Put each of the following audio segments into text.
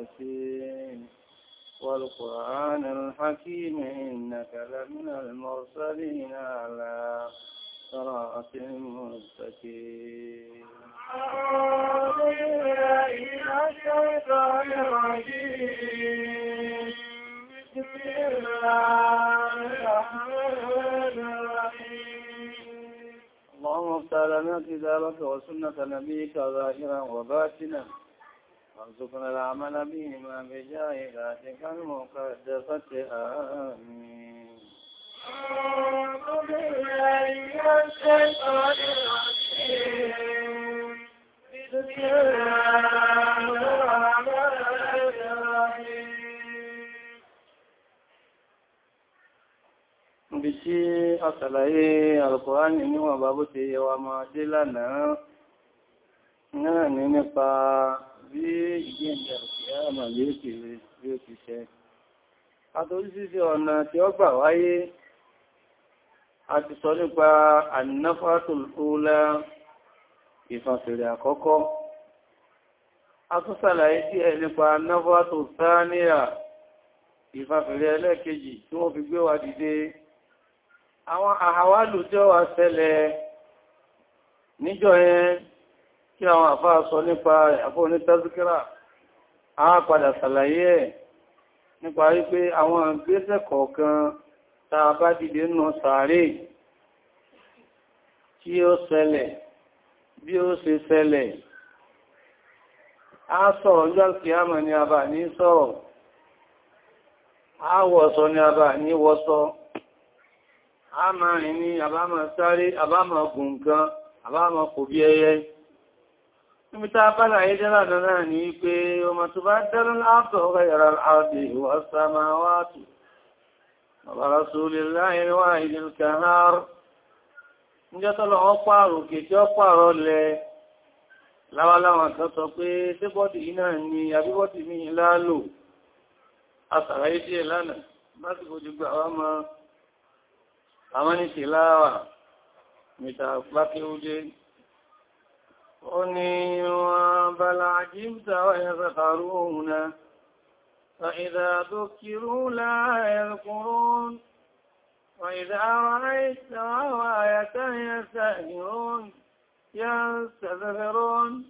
ياسين والقرآن الحكيم إنك لمن المرسلين على صراط مستقيم بسم الله الرحمن الرحيم اللهم افتح لنا كتابك وسنة نبيك ظاهرا وباطنا وارزقنا العمل بهما بجاه ذاتك المقدسة آمين بسم الله الرحمن الرحيم ibi tí a ṣàlàyé alùkùránì níwọ̀n bá bó ti yẹ wa máa dé lánàá náà ní nípa bí ìgbẹ̀ndẹ̀ àmà yóò ti ṣẹ́. Àtòrísìsì ọ̀nà tí ó gbà wáyé, a ti sọ nípa annafatul ula ìfàfẹ̀rẹ̀ àkọ́kọ́. A tún sàlàyé tí ẹ nípa annafatul thaniya ìfàfẹ̀rẹ̀ ẹlẹ́kejì tí wọ́n fi gbé wa dìde. Àwọn àhàwálù tí ó wà ṣẹlẹ̀ níjọ́ yẹn kí àwọn àfáà sọ nípa àfọ́ onítàzíkírà a padà sàlàyé ẹ̀ nípa wípé àwọn ìgbésẹ̀ kọ̀ọ̀kan tá a bá dìde nù sàárè tí ó ṣẹlẹ̀ bí ó ṣe ṣẹlẹ̀ a sọ̀rọ̀ ọjọ́ kìíyàmọ̀ ni a bà ní sọ̀rọ̀ a wọ̀sọ ni a bà ní wọ́sọ a máa rìn ní àbámọ̀ sáré àbámọ̀ gùn kan àbámọ̀ kò bí ẹyẹ Níbítà bára ayé jẹ́lá lọ́nà ní pé ọmọ tó bá dẹ́rún ààtọ̀ ọgá yàrá ààbì wà sàmà wà tù. Bàbá Rasulì láàrin wà ìdíl kàhár. Níjọ́ tọ́lọ̀ wọ́n pààrọ̀ kèkí ọ pààrọ̀ lẹ ni àbí bọ́dì mi lálò. A sàráyé díẹ̀ lánàá, bá ti fojú gbà wá أني بل عجبت ويذكرون فإذا ذكروا لا يذكرون وإذا رأيت رواية يستهزئون يستذكرون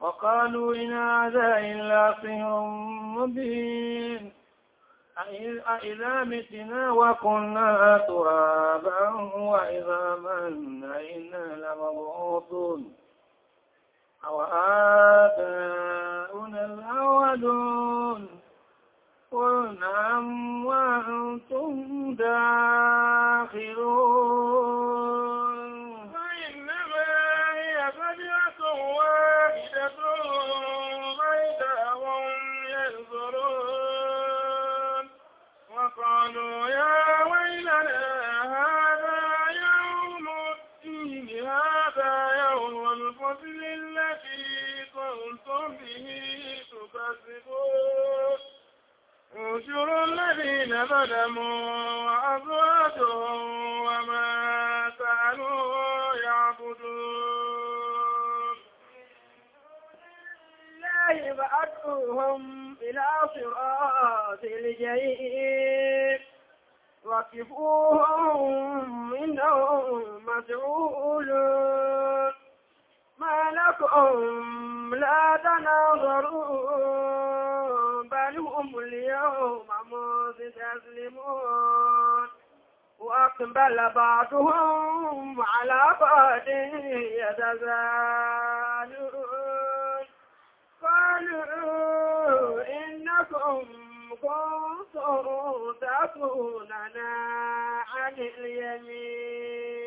وقالوا إن هذا إلا سحر مبين أإذا متنا وكنا ترابا وإذا منا إنا لمبعوثون وآباؤنا الأولون قل نعم وأنتم داخلون فإنما هي فجرة واحدة فإذا هم ينظرون وقالوا يا ويلنا هذا يوم الدين هذا يوم الفضل الذي كنتم به تكذبون انشروا الذين ظلموا وأزواجهم وما مسعولون ما لكم لا تناظرون بل هم اليوم مستسلمون وأقبل بعضهم على بعض يتساءلون قالوا إنكم كنتم تأتوننا عن اليمين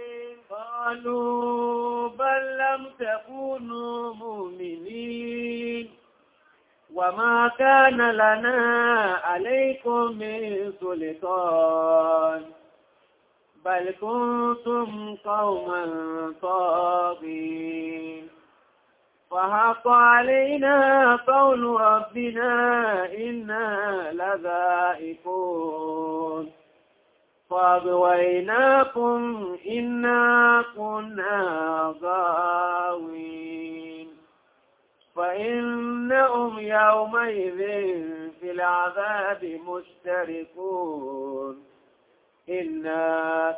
قالوا بل لم تكونوا مؤمنين وما كان لنا عليكم من سلطان بل كنتم قوما طاغين فحق علينا قول ربنا إنا لذائقون فأغويناكم إنا كنا غاوين فإنهم يومئذ في العذاب مشتركون إنا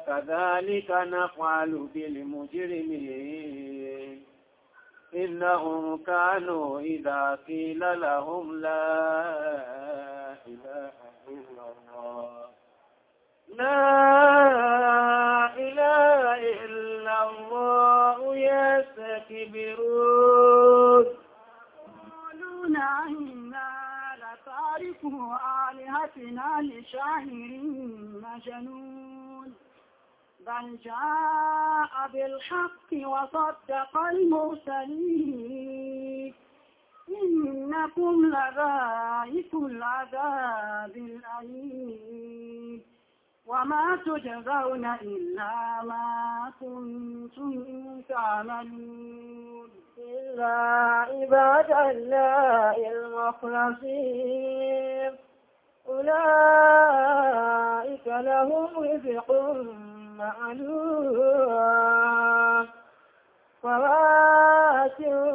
كذلك نفعل بالمجرمين إنهم كانوا إذا قيل لهم لا إله إلا الله لا إله إلا الله يستكبرون يقولون إنا لتاركوا آلهتنا لشاعر مجنون بل جاء بالحق وصدق المرسلين إنكم لذائق العذاب الأليم وما تجزون إلا ما كنتم تعملون إلا عباد الله المخلصين أولئك لهم رزق معلوم فواكه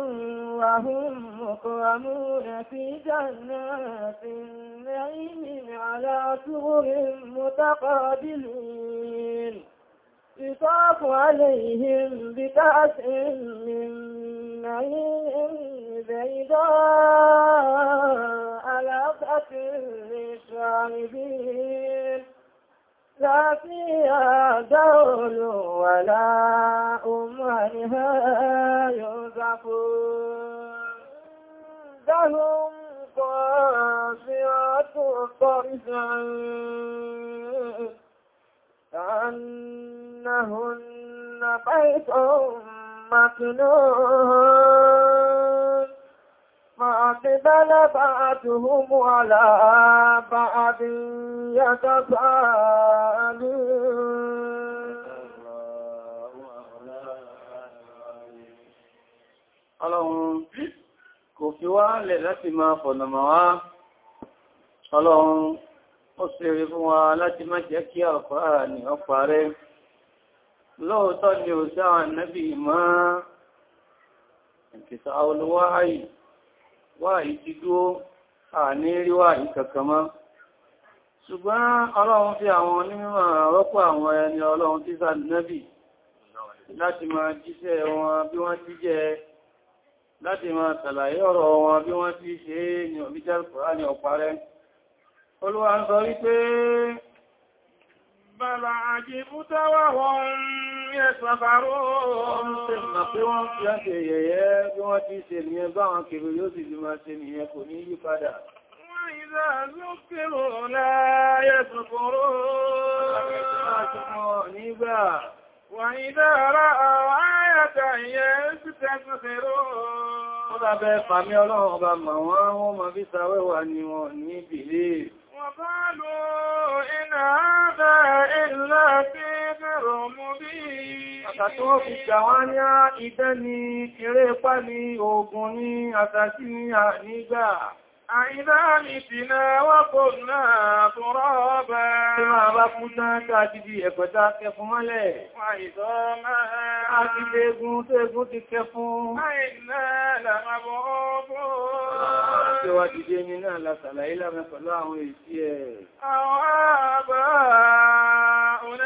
وهم مكرمون في جنات النعيم على سرر متقابلين يطاف عليهم بكأس من نعيم بيضاء لذة للشاربين لا فيها دول ولا أمها يوزفون عندهم قاسرات الطرف كأنهن بيت مكنون فأقبل بعضهم على بعض يتساءلون Ọlọ́run kò fi wá lẹ̀ láti máa fọ̀nàmà wá. Ọlọ́run ó ṣèrè fún wa láti má jẹ́ kí ọ̀pá ní ọ̀pá rẹ̀. Lóòótọ́ ni ò sí àwọn ànábì máa ìkìsà olówó ayìí wáyìí ti dúó àní rí wáyìí kankan mọ́ ṣùgbọ́n ọlọ́run fi àwọn onímọ̀ rọ́pò àwọn ẹni ọlọ́run tí sàdínẹ́bì láti máa jíṣẹ́ wọn bí wọ́n ti jẹ́ láti máa tàlàyé ọ̀rọ̀ wọn bí wọ́n ti ṣe ní ọ̀bíjẹ́ kùrá ní ọ̀parẹ́ olúwa ń sọ wípé bàlá àjíbútẹ́wà wọn يسخرون ثم قوم يسيئي بوتي سلمي بعض بيوتي بما سلمي كني فدا وإذا ذكروا لا يذكرون وإذا رأوا آية يستكثرون Ó dábẹ́ pàmí ọlọ́run ọba mọ̀ wọ́n wọ́n mọ̀ bí sàwẹ́wà ni wọ́n ní bìlé. Wọ́n bá lò ìnà àádọ́ ìlàtí àrùn mú bí àtàtí wọ́n fi jà wá ní idán ni eré ipá ni oògùn ni àtàtí ni ànígbà àìdá mi ti náà wọ́pọ̀ náà tó rọ́ọ̀bá máa bá fún náà káàkiri ẹ̀pẹ̀ta kẹfún mọ́lẹ̀ àìdọ́ máa àti ti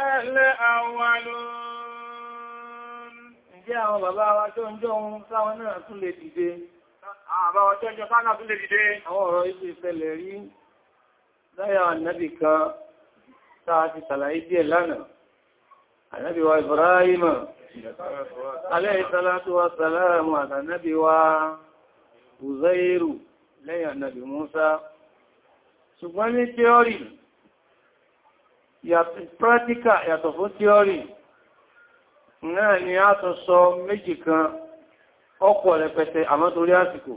الأولون Ìjẹ́ àwọn bàbá wa tó ń jọ ohun sáwọn náà tún lè dìde. Àbá wa tó ń jọ sáwọn náà tún lè dìde. Àwọn ọ̀rọ̀ ìṣe ìṣẹ̀lẹ̀ rí láyà ànábì kan táa ti sàlàyé díẹ̀ lánàá. Ànábì wa practical yàtọ̀ fún theory náà ni a tún sọ méjì kan ọ̀pọ̀ rẹpẹtẹ àmọ́ torí àsìkò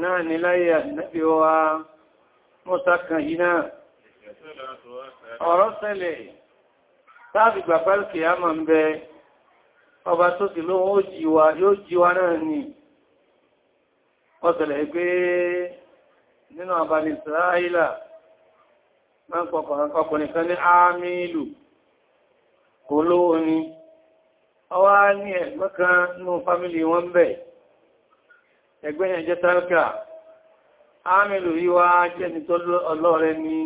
náà ni láyé àti wa mọ́ta kan yìí náà ọ̀rọ̀ ṣẹlẹ̀ tàbí gbàgbàlù kìí àmà ń bẹ ọba tó sì ló ó jíwa yóò jíwa náà ni ọ̀sẹ̀lẹ̀ pé nínú àbàlì Israẹ́lá ọkùnrin kan ní àmìlù kò lówó ní ọwá ní ẹ̀gbọ́n kan ní fámílì wọn bẹ̀ ẹgbẹ́ yẹn jẹ́ tálkà àmìlù yíwá jẹ́ ní tó ọlọ́rẹ ní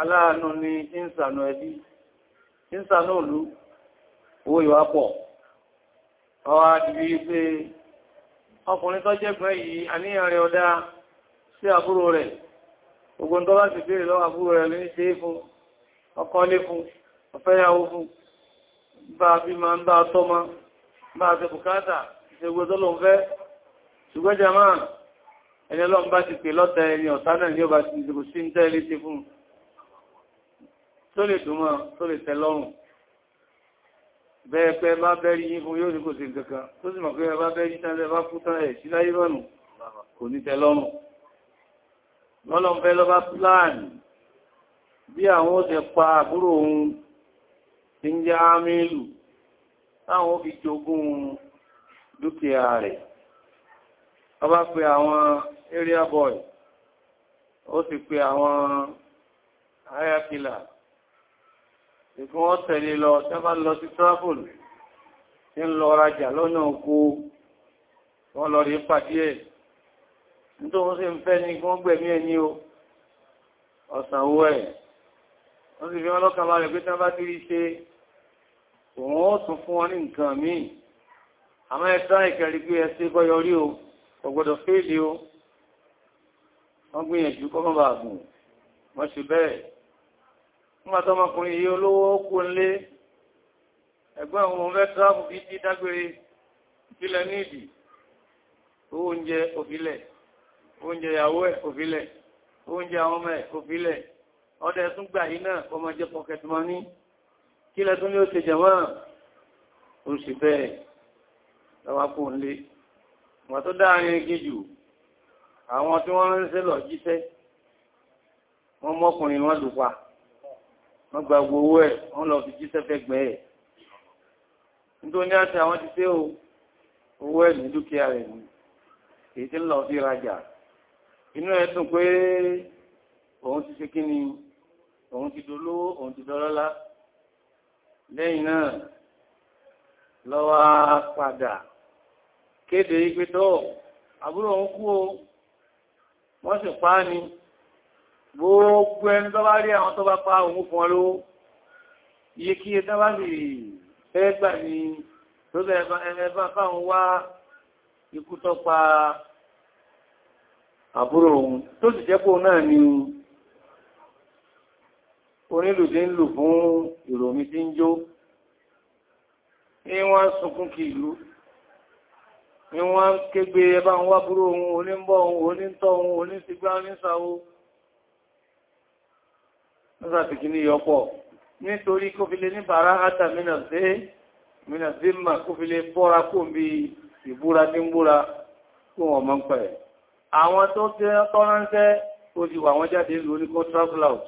aláàánú ní ìsànà ẹbí ìsànà òlú owó ìwà pọ̀ ọwá dìbí pé ọkùnrin tó jẹ́ gbogbo tó bá ti bèèrè lọ́wọ́ àbúrò rẹ̀ ní ṣe fún ọkọ́lé fún ọ̀fẹ́yàwó fún bá bí ma ń bá tọ́mọ bá ṣe bùkátà ṣe gbogbo tó lọ fẹ́ ṣùgbọ́n jama ẹni ọlọ́run bá ti pè lọ́tẹ ẹni ọ̀tá náà ní ọba ti ìdìbò sí ń tẹ́lé ṣe fún tó tẹ́ mọ́lọ̀fẹ́ lọ́bá pláàni bí àwọn ó pa àbúrò ohun tí ń jẹ́ àmìlù táwọn ó fi jogún dúkìá rẹ̀ ọba pe àwọn area boy ó sì pe àwọn higher killer ìfún wọ́n tẹ̀lé lọ tẹ́bá lọ sí travel tí ń lọ rajà lọ́nà oko wọ́n lọ rí pàdé ẹ̀ tó wọ́n sì ń fẹ́ ní kí wọ́n gbẹ̀mí ẹni o ọ̀sàn owó ẹ̀ wọ́n sì fi wọ́n lọ́kàn balẹ̀ pé tán bá ti rí ṣe òun ó tún fún wọn ní nǹkan míì àmọ́ ẹ̀tọ́ ìkẹrì pé ẹsẹ́ bọ́yọrí o kò gbọdọ̀ fèèlè o wọ́n gbìyànjú kọ́mọ́ bá gùn wọ́n ṣe bẹ́ẹ̀ nígbàtọ́ ọmọkùnrin yìí olówó kó nlé ẹgbẹ́ àwọn ọmọ mẹ́ta kò fi dídágbére ìpìlẹ̀ nídìí owó oúnjẹ òbílẹ̀ oúnjẹ ìyàwó ẹ̀ kò fílẹ̀ oúnjẹ àwọn ọmọ ẹ̀ kò fílẹ̀ ọdẹ tún gbà yí náà kọmọ jẹ pocket money kí lẹ tún ní ó ti jẹmọ́ oṣù bẹ́ẹ̀ lọ́wọ́pọ̀ nlé wọ́n tó dáàrin gíjù àwọn tí wọ́n ránṣẹ́ lọ jíṣẹ́ wọ́n mọ́kùnrin wọ́n lùpa wọ́n gba gbogbo ẹ̀ wọ́n lọ fi jíṣẹ́ fẹ́ gbẹ́ ẹ̀ nítorí àti àwọn ti ṣe owó ẹ̀ ní dúkìá rẹ̀ ní èyí tí ń lọ fi rajà inú ẹ̀ dùn pé òun ti ṣe kíni òun ti dolówó òun ti dọ́lọ́lá lẹ́yìn náà lọ́wọ́ padà kéde ipé tọ́ àbúrò òun kú o wọ́n sì pa á ni gbogbo ẹni tó bá rí àwọn tó bá pa òun fún ọ lówó iye kí ẹ tán bá sì fẹ́ gbà ní tó bẹ̀rẹ̀ ẹ̀fà fáwọn wá ikú tó pa àbúrò ohun tó sì jẹ́ pò náà ni onílù tí ń lù fún ìròmí tí ń jó ní wọ́n ń sunkún kí ìlú ní wọ́n ń kégbé ẹbá ń wá búrò ohun onímbọ̀ ohun onítọ̀ ohun onísígbá onísàwó nígbàtìkì ní yọpọ̀ nítorí kó fi lè ní bàárá átàmínà sí mínà sí mà kó fi lè bọ́ra kó bí ìbúra tí ń búra kó wọ́n mọ́ ń pẹ̀lẹ̀ àwọn tó tẹ́ tọ́ránṣẹ́ ó ti wà wọ́n jáde ìlú oníkó travel out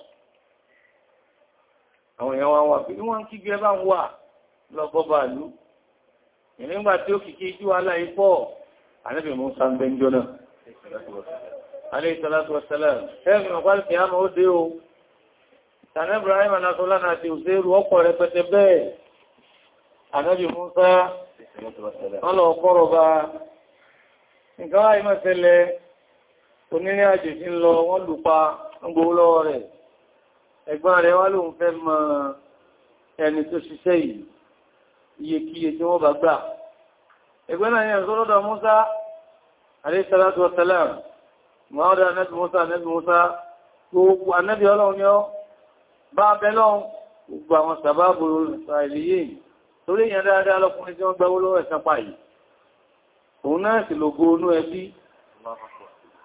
àwọn èèyàn wọn wà pé ní wọ́n kí gbé bá ń wà lọ́gbọ́bà lú ìrìngbà tí ó kìkí jú aláìpọ̀ ànábì Mùsá ń bẹ́njọ́ náà alayhi salatu wassalam ẹ̀mì ọ̀pàá kìí àmà ó dé o sàn Ibrahim anatola náà ti òṣèrú ọ̀pọ̀ rẹpẹtẹ bẹ́ẹ̀ ànábì Mùsá ọlọ́ọ̀kọ́rọ̀ bá nǹkan wáyé mọ́ onírìn àjò tí ń lọ wọ́n lù pa gbogbo lọ́wọ́ rẹ̀ ẹ̀gbọ́n rẹ̀ wá lóun fẹ́ mọ ẹni tó ṣiṣẹ́ yìí iyekíye tí wọ́n bá gbà ẹgbẹ́ náà yẹn sọ́lọ́dọ̀ Musa alayhi salatu wa salam mọ́ọ́dọ̀ Musa anẹ́bì Musa gbogbo anẹ́bì ọlọ́run yọ́ bá bẹ́lọ́run gbogbo àwọn sàbábò ìsàìlìyè torí èèyàn dáadáa lọ́kùnrin tí wọ́n gbáwó lọ́wọ́ ẹ̀sán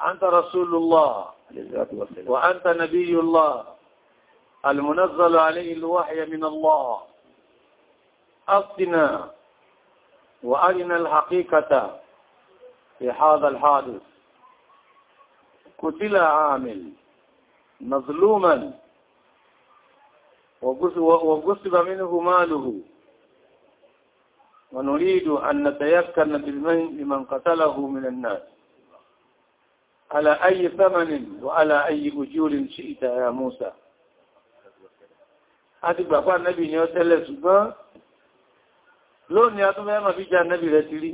أنت رسول الله وأنت نبي الله المنزل عليه الوحي من الله أفتنا وأرنا الحقيقة في هذا الحادث قتل عامل مظلوما وقصب منه ماله ونريد أن نتيقن بمن قتله من الناس على أي ثمن وعلى أي أجور شئت يا موسى àti gbàgbà nẹ́bì ni ó tẹ́lẹ̀ ṣùgbọ́n lónìí atúnmẹ́ ma fi já nẹ́bì rẹ̀ ti rí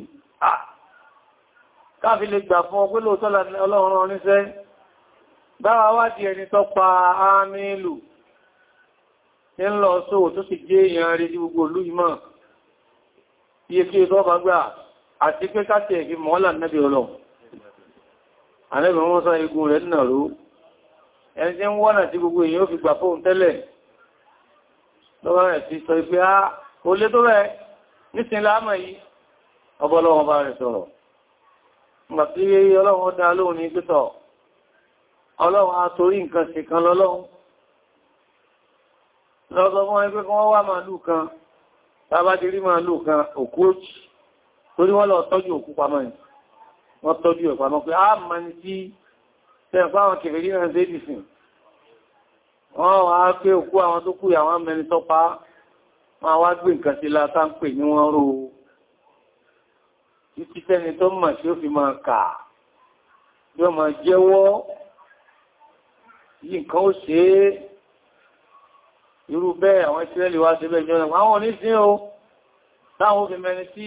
káàfi lè gbà fún ọgbé lóòtọ́ ọlọ́run oníṣẹ́ báwa wá di ẹni tó pa ámìlù tí ń lọ sóò tó sì gé èèyàn rí sí gbogbo olú ìmọ̀ iye kí ètò àlẹ́bẹ̀ wọ́n sọ igun rẹ̀ nà ró ẹni tí ń wọ́nà tí gbogbo èèyàn fi gbà fóun tẹ́lẹ̀ lọ́wọ́ rẹ̀ ti sọ pé á o lé tó rẹ̀ nísìn láàmà yìí ọbọ̀lọ́wọ́n bá rẹ̀ sọ̀rọ̀ torí kan lọ́lọ́run lọ́sọ fún ẹgbẹ́ kan wá màálù kan tàbá ti rí kan òkú torí wọ́n lọ tọ́jú òkú pamọ́ yìí wọ́n tọ́jú ẹ̀ pàmọ́ pé a ah, ma ní tí tẹ́ẹ̀fà àwọn kẹfẹ́ ní ẹ̀rẹ́ ìdìsìn wọ́n wá pé òkú àwọn tó kú àwọn mẹ́ni tọ́pa ma wá gbé nǹkan sí látá ń pè ní wọ́n rò títí tẹ́ni tó mà sí ó fi máa kà yóò máa jẹ́wọ́ yí nǹkan o táwọn obìnrin tí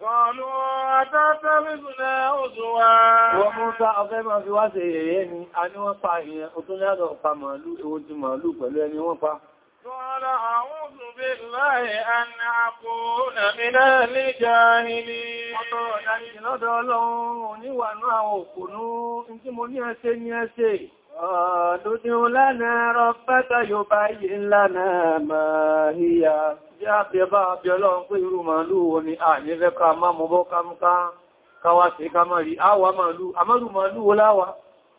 Kọ̀lúwọ́ àtàtàbíbùnà òṣùwà. Wọ́n mú sá ọgbẹ́ máa fi wá ṣe yẹ̀yẹ́ ni, a ní wọ́n pa ìyẹn, ó tún ní àdọ̀ pa màálù, ewu ti màálù pẹ̀lú ẹni wọ́n pa. Kọ́lá àwọn òṣùgbé láì àná àpò nàmìnà lè jáhìlì. Ọ̀tọ̀ ìdájì lọ́dọ̀ ọlọ́run, òníwà náà òkùnú, ní tí mo ní ẹ قالوا ادع لنا ربك يبين لنا ما هي jáàpẹ̀ bá bí ọlọ́run pé irú màálù wo ni a ní rẹ́ka máa mọ́ bọ́ kámúká káwàá sí ká máa rí àwà màálù àmọ́lù màálù wo láwàá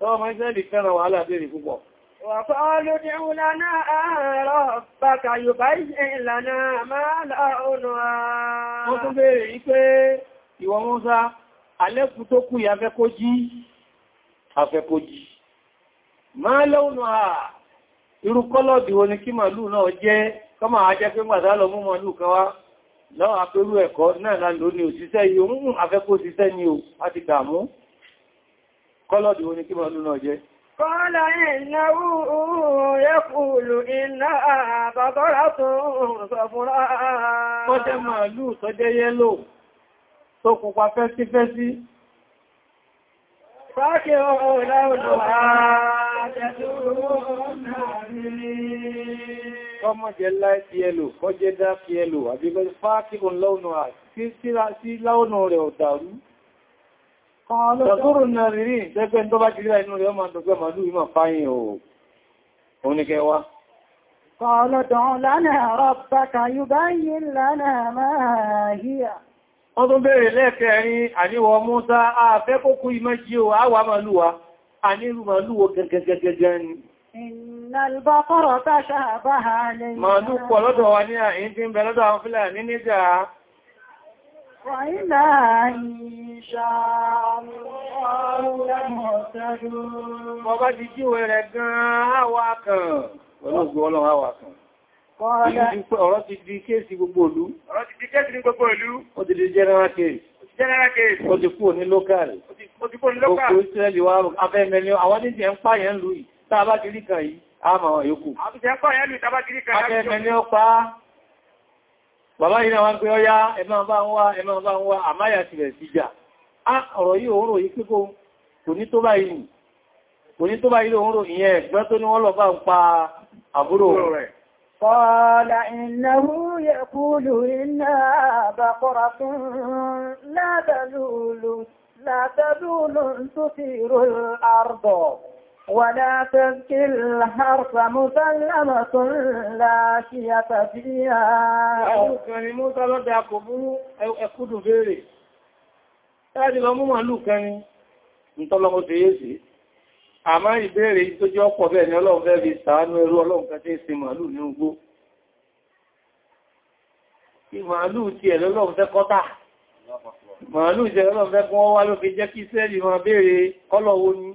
Tọ́wọ́ máa jẹ́ lè fẹ́ràn wàhálà bèèrè púpọ̀. وقالوا ادع لنا ربك يبين لنا ما لونها Wọ́n tún béèrè yí pé ìwọ Mùsá, alẹ́kùn tó kú yà fẹ́ kó jí, àfẹ́ kó jí. Ma lawnuha, irú kọ́lọ̀dì wo ni kí màálù náà jẹ́, kọ́mà ajẹ́ pé màdá lọ mú màálù kan wá, lọ́wọ́ apérú ẹ̀kọ́ náà lálò ní òṣìṣẹ́ yìí, kọ́lọ̀dì wo ni kí màálù náà jẹ́ Kọ́lá ìnáwó yẹ́kùlù iná àbàbọ́rá tún sọ fúnra. Tọ́jẹ́ màálù tọ́jẹ́ yẹ́lò tó kùpa fẹ́sífẹ́sí. Fáàkì ọ̀rọ̀ ọ̀dọ̀ Kọ́mọ̀jẹ́ láìsí ẹlò, kọjẹ́ dá fi ẹlò, àbíkọ́ fáàkì ọ̀lọ́ọ̀nà sí láọ̀nà rẹ̀ ọ̀dàrú. Ṣọ̀túrù náà rí rí ṣẹ́gbẹ́ tó bá ti rí inú rẹ̀ ọmọ àdọ̀gbẹ́ màlú ìmọ̀ fáyìn o, oníkẹwa. Kọ̀ọ̀lọ́dọ̀ lánàá rọ̀bàkà yóò bá yìí lánàá máa híyà. Wọ́n tún bèèrè lẹ́ẹ̀kẹ́rin àníwọ̀ Mọ́sá àfẹ́ kókú ìmẹ́jì o, àwà màlúwa, ànírù màlúwo gẹ́gẹ́gẹ́gẹ́ ni. Ìnàlbọ́kọ̀rọ̀ táṣà bá ha lẹ́yìn. Màlú pọ̀ lọ́dọ̀ وإلى إن شاء الله لمهتدون Bọ́bá ti jíwẹ̀ rẹ̀ gan-an àwà kan, olóògbò ọlọ́run àwà kan. Ọ̀rọ̀ ti di kéèsì gbogbo ìlú. Ọ̀rọ̀ ti di kéèsì ní gbogbo ìlú. Ó ti di general case. General case. Ó ti kúrò ní local. Ó ti kúrò ní local. Gbogbo Ísírẹ́lì wá abẹ́mẹ́ ni àwọn níjẹ̀ ń pààyàn lù yìí, tá a bá ti rí kan yìí, ó pa bàbá yìí náà wá pé ọya ẹmọ bá ń wá ẹmọ bá ń wá àmáyà ti rẹ̀ sí jà á ọ̀rọ̀ yìí òun ròyìn pípò kò ní tó báyìí kò ní tó báyìí òun ròyìn yẹn ẹ̀gbẹ́ tó ní wọ́n lọ bá ń pa àbúrò rẹ̀ ولا تذكي الحرف مسلمة لا شية فيها أو كان موسى لدى قبول أو أكد غيره láti lọ mú màálù kan ní ìtọ́lọ́mọ́ tó yé sí àmá ìbéèrè tó jẹ́ ọ̀pọ̀ bẹ́ẹ̀ ni ọlọ́run fẹ́ fi sàánú ẹrú ọlọ́run kan tí sí màálù ní ugbó màálù ti ẹ̀ fẹ́ kọ́tà màálù ti ẹ̀ fẹ́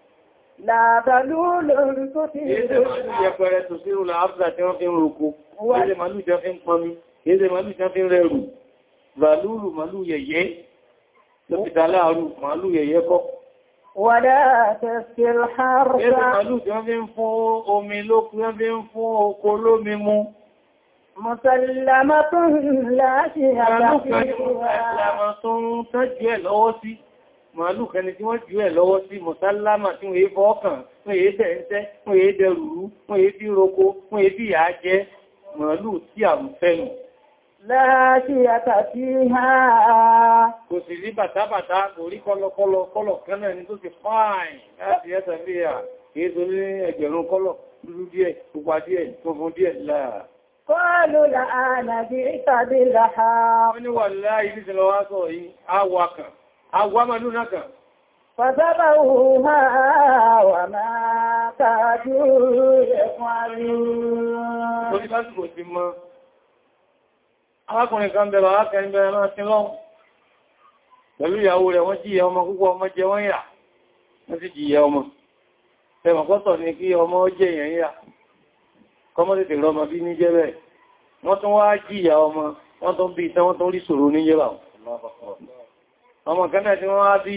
Láàbàlú lórí tó ti rí. Èdè màálù jẹ pẹrẹ tó sí ìrùn àfíà tí wọ́n fi ń roko, èdè màálù jẹ fi ń pọnmi, èdè màálù jẹ fi ń rẹrù, bàálù màálù yẹ̀yẹ́, tó fi dà láàrù màálù yẹ̀yẹ́ kọ́. Wàdá tẹ̀sí ìrùn Èdè màálù jẹ fi ń fún omi lókú, jẹ fi ń fún oko lómi mú. Mùsàlámà tó ń láti màálù kẹni tí wọ́n jù ẹ̀ lọ́wọ́ sí mọ̀sálámà tí wọ́n èébọ́ ọkàn wọ́n èébẹ̀ ń tẹ́ wọ́n èébẹ̀ rúrú wọ́n èébí roko wọ́n èébí ìyà jẹ màálù tí àrùfẹ́nù láti àtàtí ha kò sì rí bàtàbàtà kò rí kọlọkọlọ kọlọ kánà ní tó ti fáìn láti ẹ́sà bí i à kìí tó ní ẹgbẹ̀rún kọlọ dúdú díẹ̀ pupa díẹ̀ funfun díẹ̀ láà kọlù làánà wọ́n ni wà láà ìrísìlọ́wọ́ sọ yìí á wakàn awwamalunaka Fàbábàwòmá wà máa tàájú ẹ̀fún àrí. Orí bá ṣùgbò ti mọ́. Alákùnrin kan bẹ̀rẹ̀ alákùnrin bẹ̀rẹ̀ máa ti lọ́wọ́. Pẹ̀lú ìyàwó rẹ̀ wọ́n jíyẹ ọmọ púpọ̀ ọmọ jẹ wọ́n yà, wọ́n sì jíyẹ ọmọ. Ẹmọ̀ pọ́tọ̀ ni kí ọmọ jẹ èèyàn yà. Kọmọ́ tètè rọmọ bí ní jẹ́ bẹ́ẹ̀. Wọ́n tún wá jíyà ọmọ, wọ́n tún bí ìtẹ́ wọ́n tún rí ṣòro ní jẹ́ ọmọ kanáà tí wọ́n wá bí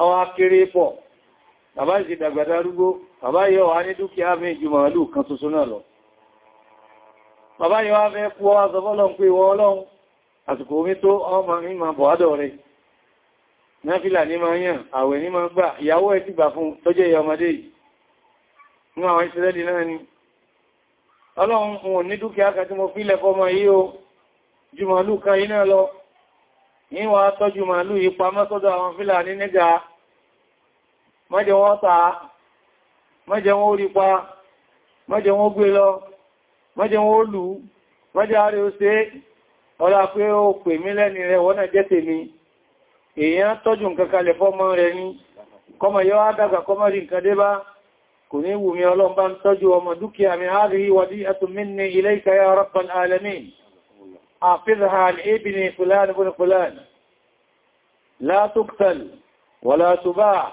àwọn akéré pọ̀ bàbá ìṣe dàgbàdà rúgbó bàbá yọ wá ní dúkìá mi ju màálù kan tuntun náà lọ bàbá yọ wá fẹ́ kú ọwá sọ fọ́lọ́n pé wọ́n ọlọ́run àsìkò omi tó ọmọ ìmọ̀ bọ̀ádọ̀ rẹ̀ náfìlà ní máa yàn àwẹ̀ ní máa gbà ìyàwó ẹ̀ ti gbà fún tọ́jẹ́ ìyà yìí ní àwọn ìṣẹ́lẹ́dì níwà tọ́jú màálù ipa mọ́sọ́dọ̀ àwọn Fúlàní nígbà mọ́jẹ wọ́n ta mọ́jẹ wọ́n rí pa mọ́jẹ wọ́n gbé lọ mọ́jẹ wọ́n lù mọ́jẹ ààrẹ ó ṣe ọlá pé ó pè mí lẹ́ni rẹ̀ wọ́n náà jẹ́ tèmi èèyàn tọ́jú nǹkan kalẹ̀ fọ́mọ rẹ̀ ní ọmọ حافظها لابن فلان بن فلان لا تقتل ولا تباع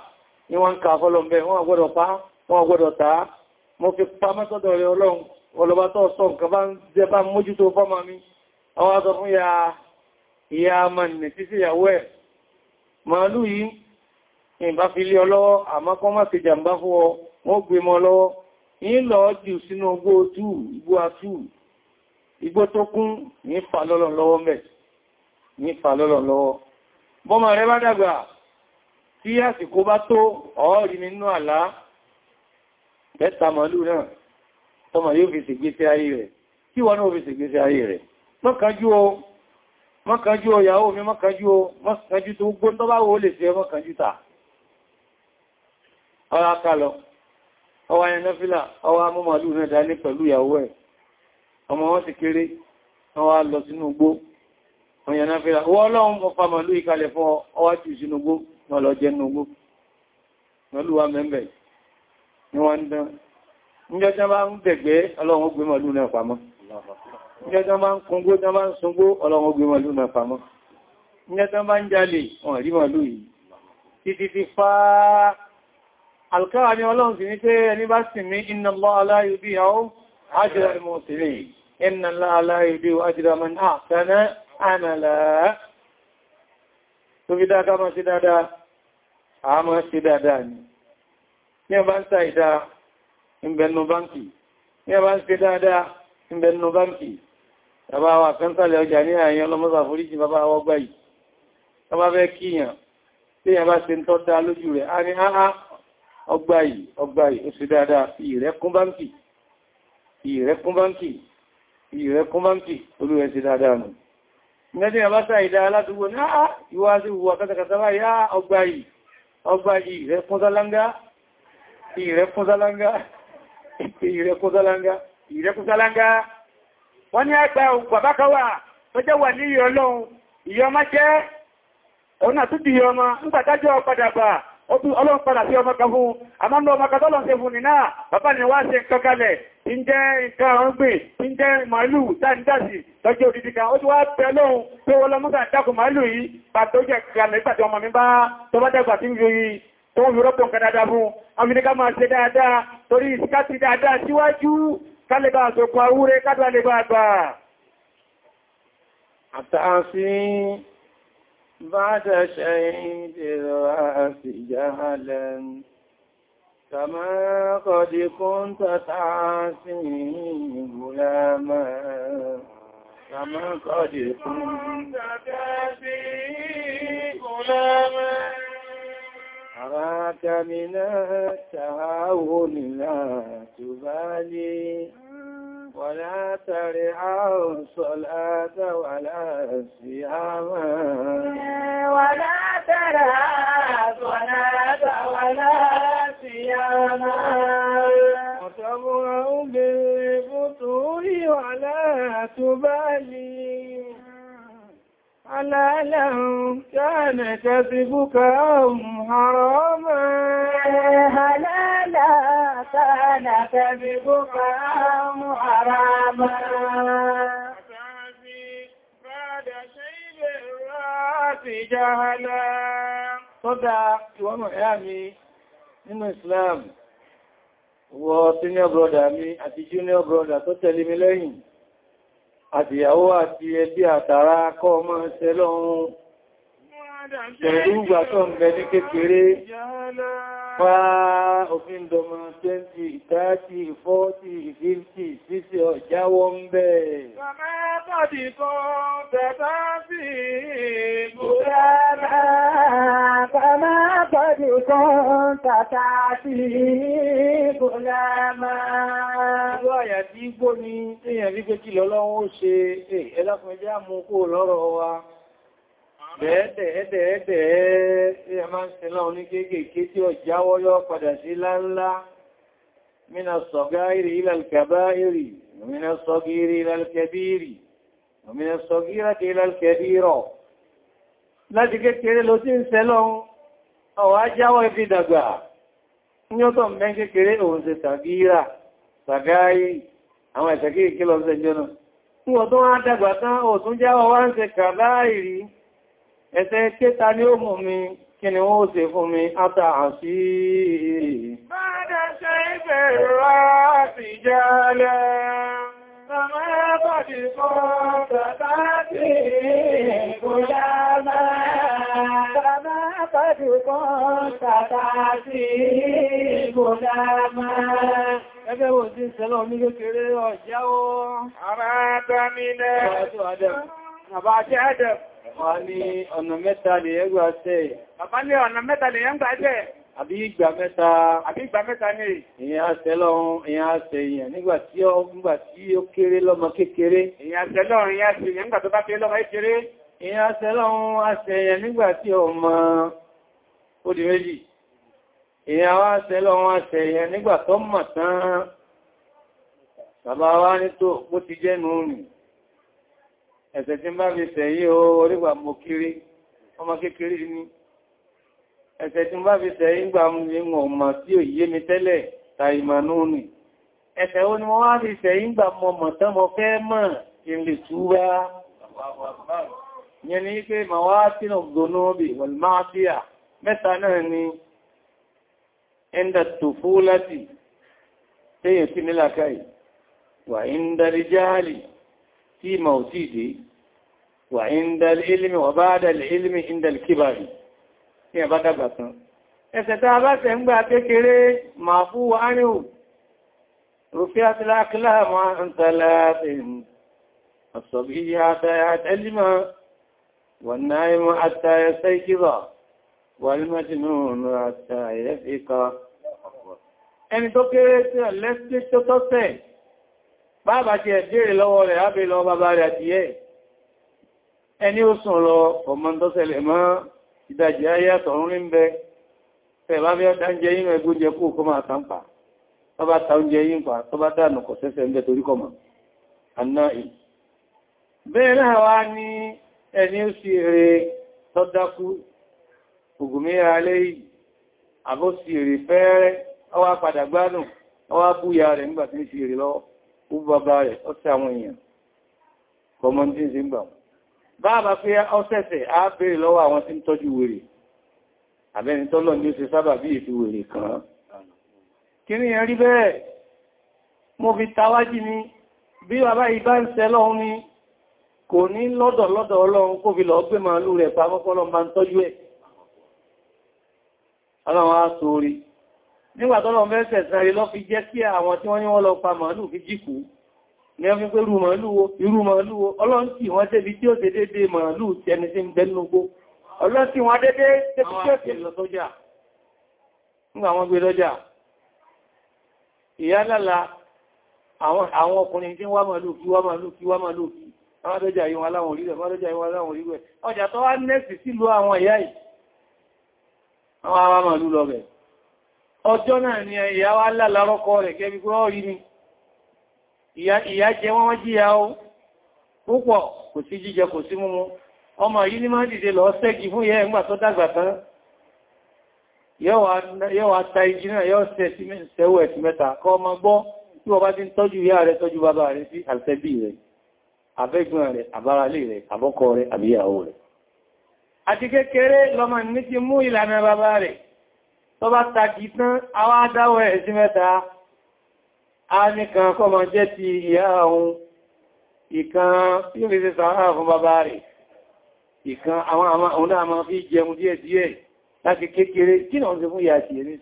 ìwọ̀n kàfọ́lọ̀n bẹ̀ wọ́n gbọ́dọ̀ pa wọ́n gbọ́dọ̀ tàá mo fi pamọ́ sọ́dọ̀ rẹ̀ ọlọ́run ọlọ́bá tó sọ nǹkan bá ń jẹ bá mójútó fọ́mà mi ọwá sọ fún ya ìyá mọ̀nì títí ìyàwó ẹ̀ igbó tó kún ní fà lọ́lọ́ lọ́wọ́ mẹ́ ní fà lọ́lọ́ lọ́wọ́ bọ́mọ rẹ bá dàgbà tí àsìkò bá tó ọ̀ọ́rí nínú àlá mẹ́ta màálù náà tọmọ yóò fi ṣègbésí ayé rẹ̀ tí wọ́n náà fi ṣègbésí ayé rẹ̀ mọ́kànjú o mọ́kànjú yàwó mi mọ́kànjú o mọ́kànjú tó gbó tó bá wó lè fi mọ́kànjú ta ọ̀rá kalọ̀ ọwá ẹnẹ́fílà ọwá mọ́ màálù náà dání pẹ̀lú ìyàwó ẹ̀ ọmọ wọn sì kéré wọ́n wá lọ sínú igbó wọ́n yẹn náà fẹ́ra wọ́n lọ́wọ́n mọ́ fa màlúù ìkalẹ̀ fún ọwá tí ì sínú igbó wọ́n lọ jẹ́ nínú igbó màlúwà mẹ́mbẹ̀ ni wọ́n ń dán níjọ́ tí wọ́n bá ń bẹ̀gbẹ́ ọlọ́run ó gbé màlúù náà pamọ́ níjọ́ tí wọ́n bá ń kúngbó tí wọ́n bá ń sungbó ọlọ́run ó gbé màlúù náà pamọ́ ni ọlọ́run sì ní pé ẹni bá sì ní inna Allah la yudi'u عشر الموسلين إن الله لا يضيع أجر من أحسن عملا Tòbídá ká máa ṣe dáadáa, a máa ṣe dáadáa ni. Ní ọba ń ṣàìdá ìbẹ̀nù báńkì, ní ọba ń ṣe dáadáa ìbẹ̀nù báńkì, bàbá wa kan sálẹ̀ ọjà ní àyàn lọ́mọ́sà foríjì bàbá wọ́gbà yìí. Bàbá fẹ́ kíyàn, tí yàn bá ṣe ń tọ́ lójú rẹ̀, a ní ìrẹ́kún báńkì ìrẹ́kún báńkì olúwẹ̀ sí dáadáa nù nígbàtí ìyàbá sáà ìdá aládùúgbò náà ìwá sí ìwà kátàkátà bá yá ọgbà yìí ọgbà yìí ìrẹ́kún sálángá ìrẹ́kún sálángá ìrẹ́kún sálángá ìrẹ́kún sálángá wọ́n ní àgbà bàbá káwà tó jẹ́ wà ní ìyọ́ ọlọ́run ìyọ́ má jẹ́ ọ̀nà tó dìyọ́ ọlọ́pàá àti ọmọ kan fún àmọ́lọ ọmọ kan tọ́lọ̀ ṣe fún ní náà bàbá ni wá ṣe nǹkan kalẹ̀ tí ń jẹ́ nǹkan ọ̀gbìn tí ń jẹ́ màálù dáadáàsì lọ́jọ́ òdìdí kan ó ti wá pẹ́ lóhun pé wọ́n lọ́mọ́sà dákù màálù yìí pàtó jẹ́ kàmẹ́ pàtó ọmọ mi bá tọ́bátẹ́gbà tí ń yorí tó بعد شيء الرأس جهلا كما قد كنت تعاسي غلاما كما قد كنت تعاسي غلاما أراك من التهاون لا تبالي ولا ترعوا الصلاة ولا الصيام ولا ترعوا الصلاة ولا الصيام وتمروا بالفتور ولا تبالي ألا لو كان كذبك أم حراما ألا ولا كان كذبك حراما بعد شيء الراس جهلا Kódà ìwọ́nà ẹ̀yà mi nínú Ìsìláàmù, wọ senior brother mi àti junior brother tó tẹ̀lé mi lẹ́yìn, àtìyàwó àti ẹbí àtàrà kọ́ ọmọ ṣẹlọ́run, pẹ̀lú ìgbà tó ń bẹ ní kékeré, pa òfin dọmọ 20 30 40 50 sísí ọ̀jáwọ́ ń bẹ̀. Màmá bọ́dì kan bẹ̀bá sí ìgbòrá Màmá bọ́dì kan tàtà sí ìgbòrá máa. Bẹ́ẹ̀tẹ̀ẹ́tẹ̀ẹ́tẹ̀ẹ́ tí a máa ń ṣe láwọn ní kéèkèé tí ó jáwọ́ yọ́ padà sí láńlá, mínà sọ̀gáìrì ìlàlkàbáìrì, mínà sọ̀gírí ìlàlkẹbírì, mínà sọ̀gírátì ìlàlkẹbírọ̀. Láti kékeré ló ti ń sẹ́ lọ́un, ọ̀wọ́ ajáwọ́ ibi dàgbà, ní ó tọ́ mẹ́ kékeré òun ṣe sàgírà, sàgáìrì, àwọn ẹ̀sẹ̀ kéèké lọ sí ẹjọ́ náà. Fún ẹ̀ṣẹ̀ kéta ni ó mú mi kí ni wọ́n ó ṣe fún mi átà àṣí Bọ́dá ṣe ìfẹ́ rọ́ àti jálẹ̀ Sọmọ́bọ̀dì fún tàbátì ìgbòlámà Sọmọ́bọ̀dì fún tàbátì ìgbòlámà Ẹgbẹ́ Wọ́n ni ọ̀nà mẹ́ta lè yẹn gbà tẹ́. Bàbá ní ọ̀nà mẹ́ta lè ya gbà tẹ́. Àbí ìgbà mẹ́ta. Àbí ìgbà mẹ́ta ní. Ìyẹn àṣẹ lọ́run, ìyẹn àṣẹ èèyàn nígbà tí ó kéré lọ́mọ kékeré. Ìyẹn àṣẹ lọ́run, ìyẹn àṣẹ èèyàn nígbà tó bá ẹ̀sẹ̀ tí bá fi tẹ̀ yí orígbà mo kiri ọmọ kékeré ní ẹ̀sẹ̀ tí bá fi tẹ̀ yí gbà mọ̀ mọ̀ tí ò yé mi tẹ́lẹ̀ ta ìmànú nì ẹ̀sẹ̀ ó ni wọ́n wá fi tẹ̀ yí gbà mọ̀ mọ̀ tán fẹ́ mọ̀ kí n lè túbá yẹn tí ìmọ̀ ò tí dé wà ìndàlì ilmi wà bá dàlì ilmi ìndàlì kíbàrì ní ẹ̀bá dàgbà tán ẹsẹ̀ tá a bá tẹ̀ ń gbà kékeré ma fún wa ánìhù rufí àtìláàkìlá ma ń tàlá àṣọ̀bí ẹni tó kéré tí ọ̀lẹ́sí tó tọ́sẹ̀ bàbá ti ẹ̀bẹ̀rẹ̀ lọ́wọ́ rẹ̀ ábẹ̀ lọ bàbá rẹ̀ àti ẹ̀ ẹni ó sùn lọ ọmọ tọ́sẹlẹ̀ mọ́ ìdajì ayátọ̀ ń rí ń bẹ tẹ̀bá bí ọdá ń jẹ yí mẹ́ gúnjẹ kú kó máa tán pa tó bá ta oúnjẹ yí ń pa tó bá dánù kọ̀ sẹ́sẹ̀ ń bẹ torí kọ̀ mọ̀ àná ì bẹ́ẹ̀ náà àbó sì rẹ fẹ́ẹ́rẹ́ ọwá padà gbádùn ọwá búya rẹ̀ nígbà tí ń sì lọ́wọ́ ó bàbá rẹ̀ ọ́sẹ̀ àwọn èèyàn kọmọdé zimbà bàbá pé ọ́sẹ̀sẹ̀ á bèèrè lọ́wọ́ àwọn tí ń tọ́jú wèrè àbẹ́ni tọ́lọ̀ ní ó ṣe sábà bí ìfi wèrè kan kí ni ẹ̀rí bẹ́ẹ̀ mo fi tawájí ni bí bàbá ìbá ń sẹ lọ́hun ni kò ní lọ́dọ̀ lọ́dọ̀ ọlọ́run kó fi lọ gbé màálù rẹ̀ pàápọ́pọ́lọ́ máa nígbà tọ́lọ̀ mẹ́sẹ̀ sáré lọ fi jẹ́ kí àwọn tí wọ́n ní wọ́n lọ pa màálù fi jíkú ní ọmọ pé rú màálù wo irú màálù wo ọlọ́n tí wọ́n débi tí ó ṣe dédé màálù tí ẹni tí ń bẹ́nugbó ọlọ́n tí wọ́n dédé débi tí ó ṣe lọ sọ́jà nígbà wọ́n gbé lọ́jà ìyá lála àwọn ọkùnrin tí wá màálù kí wá màálù kí wá màálù kí àwọn lọ́jà ọjọ́ náà ni ìyá wá lálárọ́kọ rẹ̀ kẹ́bí pé ọ́ ni ìyá jẹ wọ́n wọ́n jíyà ó púpọ̀ kò sí jíjẹ kò sí múmú ọmọ yìí ni máa dìde lọ fún ìyá ẹ̀gbà tó dàgbà tán yóò ta náà ẹ̀sì mẹ́ta kọ́ ọmọ gbọ́ tí wọ́n bá ti ń tọ́jú ìyá rẹ̀ tọ́jú bàbá rẹ̀ sí rẹ̀ abẹ́gbọ́n rẹ̀ àbáralé rẹ̀ àbọ́kọ rẹ̀ àbíyàwó rẹ̀ ti mú ìlànà bàbá tó bá tàkì tán àwọn adáwọ̀ ẹ̀ sí mẹ́ta a nìkan kọ́ ma jẹ́ ti ìyá ohun ìkan yóò fi sàárà fún bàbá rẹ̀ ìkan àwọn àwọn náà ma fi jẹun díẹ̀ díẹ̀ láti kékeré kí náà ṣe fún ìyá ti ẹni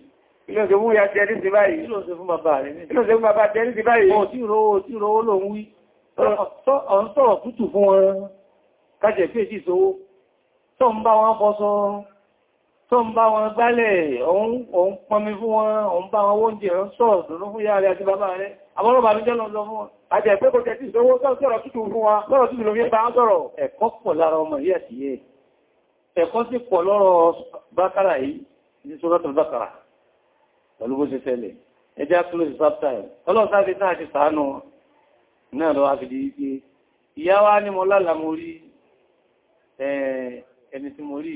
kí ló ṣe fún ìyá ti ẹni ti báyìí kí ló ṣe fún bàbá rẹ̀ kí ló ṣe fún bàbá ti ẹni ti báyìí ọ̀ tí ìrówó tí ìrówó lòun wí ọ̀n sọ̀rọ̀ tútù fún wọn kájẹ̀ fèsì sówó tó ń bá wọn fọ́ sọ́rọ̀ tó ń bá wọn gbálẹ̀ òun pọnmi fún wọn òun bá wọn wóúnjẹ rán sọ́ọ̀dù ló fún yára àti bàbá rẹ̀ àmọ́lọ́bà ní jọ́lọ lọ fún wọn àti ẹ̀pẹ́ kò tẹ́ sí ìṣòwò sọ́ọ̀sọ́rọ̀ tútù fún wa lọ́rọ̀ tútù ló fi bá sọ̀rọ̀ ẹ̀kọ́ pọ̀ lára ọmọ yẹ́ sí yẹ́ ẹ̀kọ́ sí pọ̀ lọ́rọ̀ bákàrà yìí ní sọ́rọ̀tọ̀ bákàrà pẹ̀lú bó ṣe tẹ́lẹ̀ ẹjá close subtime ọlọ́sáfi náà ti sàánú náà lọ àfìdí wípé ìyá wa ní mo lálàá mo rí ẹni tí mo rí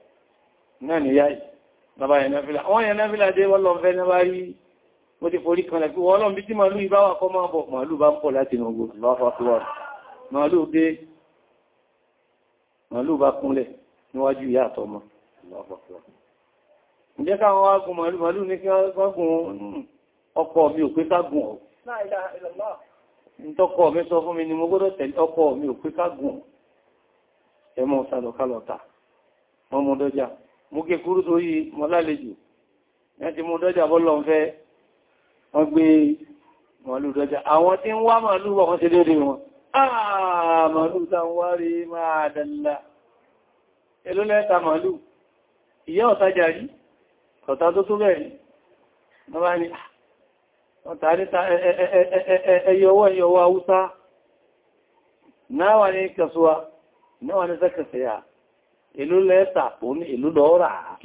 náà ni yáì bàbá yẹn náfílà wọ́n yẹn náfílà dé wọ́n lọ fẹ́ náà rí mo ti forí kan lẹ́pí wọ́n lọ́n bí tí màálù ìbá wà kọ́ máa bọ̀ màálù bá ń pọ̀ láti nàgbò màálù dé màálù bá kúnlẹ̀ níwájú ìyá àtọmọ ǹjẹ́ káwọn agun màálù màálù ní kí wọ́n gun hmm, ọkọ̀ mi ò pé kágun ọ̀ ìtọ́kọ̀ mi sọ fún mi ni mo gbọ́dọ̀ tẹ̀lé ọkọ̀ mi ò pé kágun ẹmọ́ sálọ̀kálọ̀ta wọ́n mú mú ké kúrú tó yí mọ́ lálejò wọ́n ti mú dọ́jà bọ́lọ̀ ń fẹ́ wọ́n gbé màálù dọ́jà àwọn tí ń wá màálù wọ́n ṣe dédé wọn àà ah, màálù tàwárí máa dàlá ẹlú lẹ́ta màálù ìyá ọ̀tajà rí ọ̀tá tó tó bẹ̀rẹ̀ lọ́wọ́ ni ọ̀tá níta ah, ẹyọwọ́ ẹyọwọ́ haúsá náà wà ní kasuwa ìlú lẹ́ta òun ìlú lọ rà á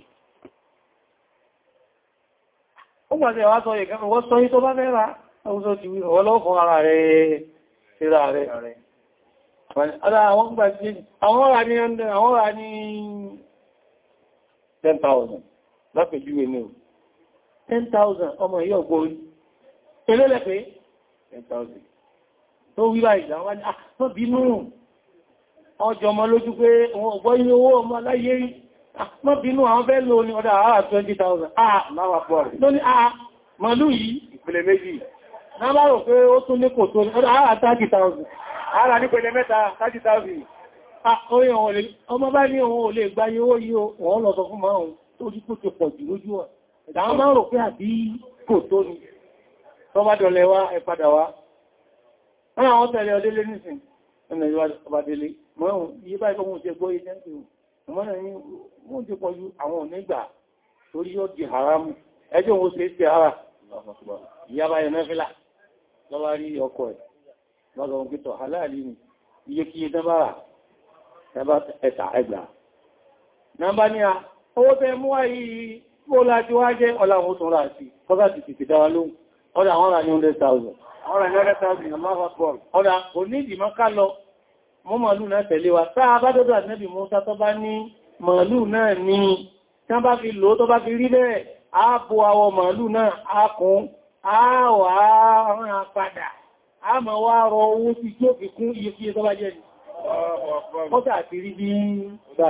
ó pàtẹ wá sọ ìkẹ́kọ̀ọ́ wọ́n sọ yí tó bá fẹ́ rà ọwọ́sọ́ ti wí ọlọ́kùn ara rẹ̀ síra rẹ̀ àwọn ọ̀rà ní 10,000 lápẹ̀júwé ní o 10,000 ọmọ yíò gbórí elélẹ́pẹ́ 10,000 tó wíwá ìgbà wá ní àtọ́bínú ah, ọjọ́ ọmọ lójú pé wọn ọgbọ́ iye owó ọmọ aláyé mọ́ bínú àwọn fẹ́ lò ní ọdá àà 20,000 àà máa pọ̀ rẹ̀ lóní àà màlúù yìí ìpìlẹ̀ méjì náà bá rò pé ó tún ní kò tó ní ọdá àà 30,000 ààrà nípele mẹ́ta 30,000 ọmọ bá ní òun ò lè gba iye owó yìí wọ́n lọ sọ fún márùn tó jí kó ti pọ̀ jù lójú ọ̀ ìdáwọn máa rò pé àbí kò tó ní tó bá dọ̀lẹ̀ wá ẹ padà wá wọ́n àwọn ìwádìí ọba délé mọ́rún àwọn onígbà torí yóò iye kí iye dábára ẹ̀ta ẹgbà nàmbá ní a owó tẹ mú wá yìí bó láti wá jẹ́ ọláwọ́ tó rà sí kọ́bá ti ti dára lóhun ọ̀dà àwọn ọ̀rà ní 100,000 ọ̀rà ní 100,000 mọ́ màálù náà tẹ̀lé wa sáà bá dọ́dọ̀ àdínẹ́bì Mùsá tó bá ní màálù náà ní tán bá fi lò tó bá fi rí bẹ́ẹ̀ ààbò àwọ màálù náà ákùn àwọ̀ àárín apadà a mọ̀ wá rọ owó tí tí ó fi kún iye fíye tó bá jẹ́ ni ọ́sà àti rí bí bá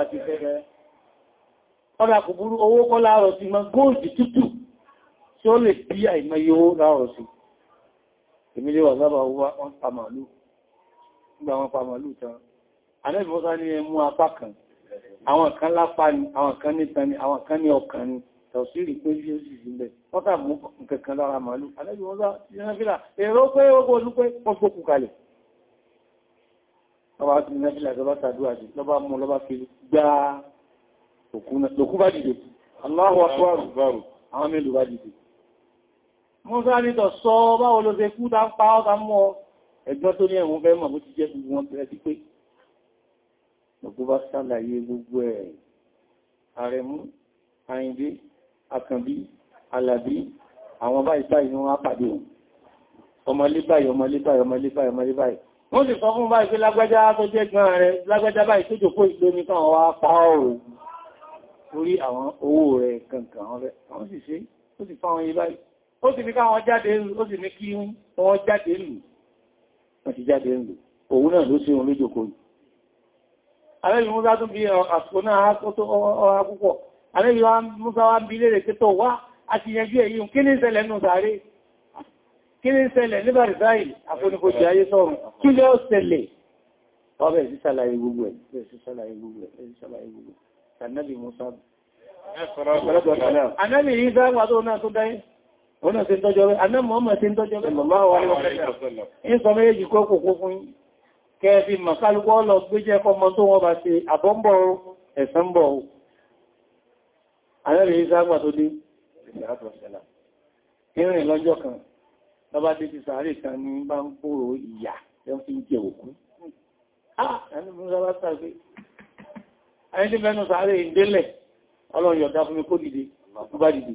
gbà wọn pa màálù tán anẹ́bí Mùsá ní ẹmú apá kan àwọn kan lápá ni àwọn kan ní tan ni àwọn kan ní ọkàn ni tọ̀sírì pé bí ó sì sílẹ̀ wọ́n tà mú nǹkan kan lára màálù anẹ́bí Mùsá ní ẹnfílà èrò pé ogbó olú pé wọ́n gbókù kalẹ̀ lọ́ba ti ní ẹnfílà lọ́ba tàdúrà jù lọ́ba mú lọ́ba fi gbá òkú bá dìde Allahu akbar àwọn mélòó bá dìde Mùsá ní tọ̀ sọ báwo ló ṣe kú tá ń pa ọ́ tá mú ẹgbọ́n tó ní ẹ̀wọ̀n fẹ́ mọ̀ bó ti jẹ́ gbogbo wọn tẹ́lẹ̀ sí pé ọgbọ́ bá sàlàyé gbogbo ẹ̀ àrẹ̀mú àyíndé àkànbí alàbí àwọn báyìí báyìí ni wọ́n á pàdé wọn ọmọlé báyìí ọmọlé báyìí ọmọlé báyìí ọmọlé báyìí wọ́n sì sọ fún báyìí pé lágbájá tó jẹ́ gan rẹ̀ lágbájá báyìí tó jòkó ìgbé ní kan wá pa ọ̀rọ̀ orí àwọn owó rẹ̀ kankan rẹ̀ àwọn sì ṣe ó sì fáwọn yí báyìí ó sì ní káwọn jáde ó sì ní kí wọ́n jáde lù wọ́n ti jáde ń lò òun náà ló sí ohun lójòkó yìí alẹ́bí Musa tún bí àsìkò náà ọ̀rá púpọ̀ alẹ́bí Musa wá bí lè rẹ̀kẹ́tọ̀ wá àti yanjú èyí kí ní ṣẹlẹ̀ nù sáré kí ní ṣẹlẹ̀ ní bàrìsáì àfonikojì ayé sọ́run kí lẹ́ ṣẹlẹ̀ ọbẹ̀ sí sàlàyé gbogbo ẹ̀ Ànábì Musa. Ànábì Isa wà tó náà tó dáyé ọ̀nà sí tọ́jọ́ rẹ̀ anẹ́mọ̀ ọmọ sí tọ́jọ́ rẹ̀ lọ́wọ́ wà ní ọ̀pẹ́lẹ̀ ìsọ méjì kó kòkó fún kẹfì màkálùkọ́ lọ gbé jẹ́ kọmọ tó wọ́n bá ṣe àbọ́m̀bọ̀ ẹ̀sánbọ̀ anẹ́rẹ̀ ìsáàgbà tó dé ìrìn lọ́jọ́ kan lọ́bá dé ti sàárè kan ní bá ń gbòrò ìyà tẹ́ fi ń jẹ òkú ọlọ́run yọ̀dá fún mi kó dìde bá dìde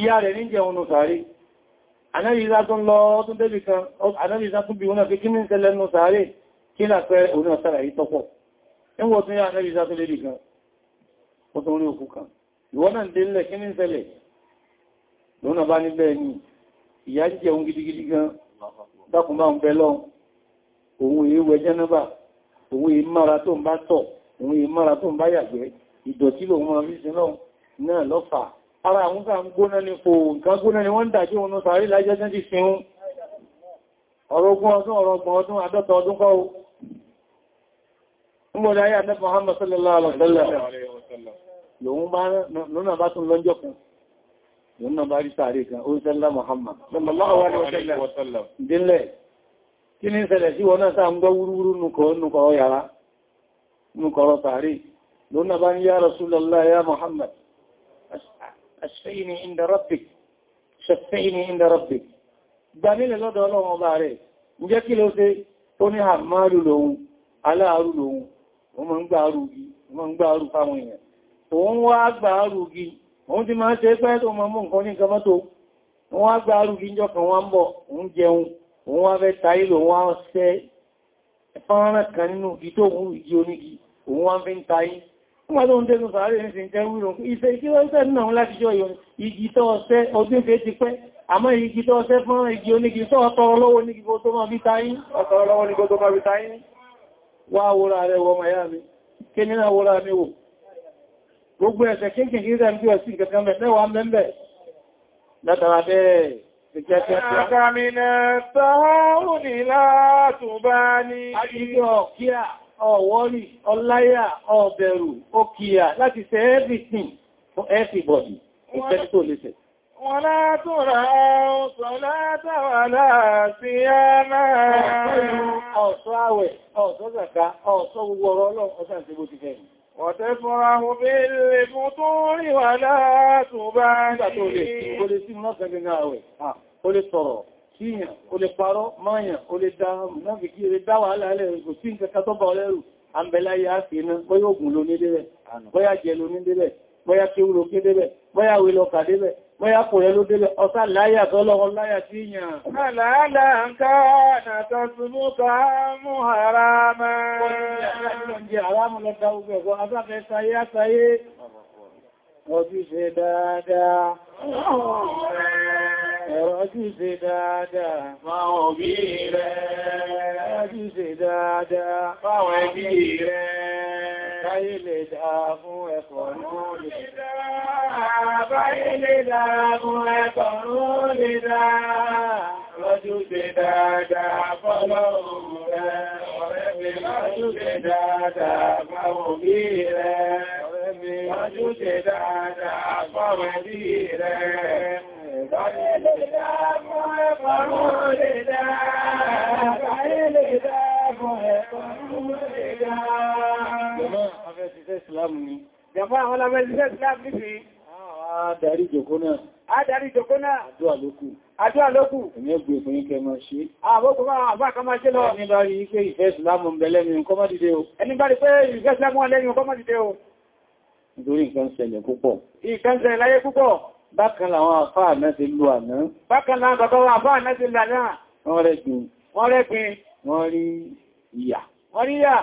ìyá rẹ̀ ní jẹun sàárè anábìsá tún lọ ọdún débì kan anábìsá tún bí wọ́n fi kí ní ìṣẹ̀lẹ̀ nù sàárè kí lápẹ́ orí ọ̀sára yìí tọ́pọ̀ níwọ̀n tún yá anábìsá tún débì kan ó tún rí òkú kan ìwọ́n náà délẹ̀ kí ní ìṣẹ̀lẹ̀ lónà bá níbẹ̀ ni ìyá jẹun gidigidi gan dákùn bá ń bẹ lọ òun èé wẹ jẹ́nàbà òun èé mára tó ń bá tọ̀ òun èé mára tó ń bá yàgbẹ́ ìdọ̀tí lòun máa fi náà lọ́fàá ara àwọn ká ń gbóná ní kò nǹkan gbóná ni wọ́n ń dàjí wọn sàárì lájẹ́jẹ́ ti fi hún ọ̀rọ̀gún ọdún ọ̀rọ̀gbọ̀n ọdún àdọ́ta ọdún kọ́ ń gbọ́dá ayé àdẹ́ Muhammad sallallahu alaihi wasallam lòun bá lọ́nà bá tún lọ́jọ́ kan lọ́nà bá Muhammad sallallahu alaihi wasallam dínlẹ̀ kí ní ṣẹlẹ̀ sí wọn náà sáà ń gbọ́ wúrúwúrú nukọ̀ nukọ̀ yàrá nukọ̀ sàárì Rasulullah ya Muhammad أشفيني عند ربك شفيني عند ربك دامي للوضع الله مبارك مجاكي لو سي توني عمالو لو على عرو لو ومن بارو wọ́n ń gbá arú fáwọn èèyàn òun wá gbà arúgi òun ti máa ṣe pẹ́ tó mọ́ mú nǹkan ní nǹkan mọ́tò wọ́n wá gbà arúgi jọ kan wá ń bọ̀ òun jẹun Wọ́n ń dénú sàárè ní ṣìnkẹ́ wúrò. Ìfẹ́ kí wọ́n tẹ́ nínú àwọn láti jọ ìgì tọ́ ọ̀sẹ́ ọdún fẹ́ ti pẹ́, àmọ́ ìgì tọ́ ọ̀sẹ́ fún ìgì onígi tọ́ ọ̀tọ̀rọ̀ lọ́wọ́ ní gbogbo tó máa bí táyín. Ọ̀tọ̀rọ̀ lọ́wọ́ ní gbogbo máa bí táyín. Wá wúra rẹ̀ wọ Miami. Kí ní náà wúra mi wò? Gbogbo ẹ̀sẹ̀ kíkì kí rẹ̀ ń bí ọ̀sí nǹkan kan mẹ́wàá mẹ́mẹ́. Látara bẹ́ẹ̀ Àkàmìnà tọ́rùn ni látùbá ní ìjọ kíà ọ̀wọ́rì ọláyà ọ̀bẹ̀rù òkìyà láti ṣe everything for everybody ìfẹ́ tó lè ṣe wọ́n látúnra ọ̀sọ̀ látàwà láti yánà ọ̀sọ̀ àwẹ̀ ọ̀sọ̀ zàká ọ̀sọ̀ gbogbo ọ̀rọ̀ ọlọ́run ọ̀sán tí bó ti fẹ́ Ọ̀tẹ́ fúnra hùn bí lè fún tó rí wà látùn bá ń gbà tó lè sí, ó lè kíyàn o lè parọ́ máyàn o lè dá mọ́fìkí rẹ̀ dá wàhálà ilẹ̀ kò sí nǹkan kan tó bá ọlẹ́rù àmbẹ̀láyé àfihàn bóyá ògùn ló ní débẹ̀ bóyá jẹ ló ní débẹ̀ bóyá kí wúro kí débẹ̀ bóyá wí lọ kàdébẹ̀ bóyá kò rẹ ló débẹ̀ ọ̀sá láyà tọ́lọ́wọ́ láyà tí yàn Ọdún ṣe dáadáa ẹ̀rọ ojúṣe dáadáa fáwọn òbí rẹ̀ ojúṣe dáadáa fáwọn ẹbí rẹ̀ báyé lè dáa fún ẹ̀kọ́ lóòlè dáa báyé lè dáa fún ẹ̀kọ́ lóòlè dáa Ọjúṣe dáadáa fọ́lọ́run rẹ̀, ọ̀rẹ́ mi ọjúṣe dáadáa fáwọn òbí rẹ̀, ọ̀rẹ́ mi ọjúṣe dáadáa fáwọn ẹbí rẹ̀. Ìjọba àwọn alábẹ́síṣẹ́ ìsìláàmù nífẹ̀ẹ́. Adarí ìjòkó náà. Adarí ìjòkó náà. Àdúà lókù. Àdúà lókù. Èmi ẹgbẹ̀ e fún yínkẹ máa ṣe. Àbókù máa àbá kan máa ṣe lọ. Ẹni bá rí pé ìfẹ́ ìsìláàmù ń bẹ lẹ́nu kọ́ mọ́ dìde o. Ẹni bá rí pé ìfẹ́ ìsìláàmù wà kọ́ mọ́ dìde o. Nítorí nǹkan ṣẹlẹ̀ púpọ̀. Nǹkan ṣẹlẹ̀ púpọ̀ bákan làwọn àfáà náà ti lò àná bákan láwọn bàbá wọn àfáà náà ti lò àná wọ́n rẹ̀gbìn wọ́n rẹ̀gbìn wọ́n rí ìyà wọ́n rí ìyà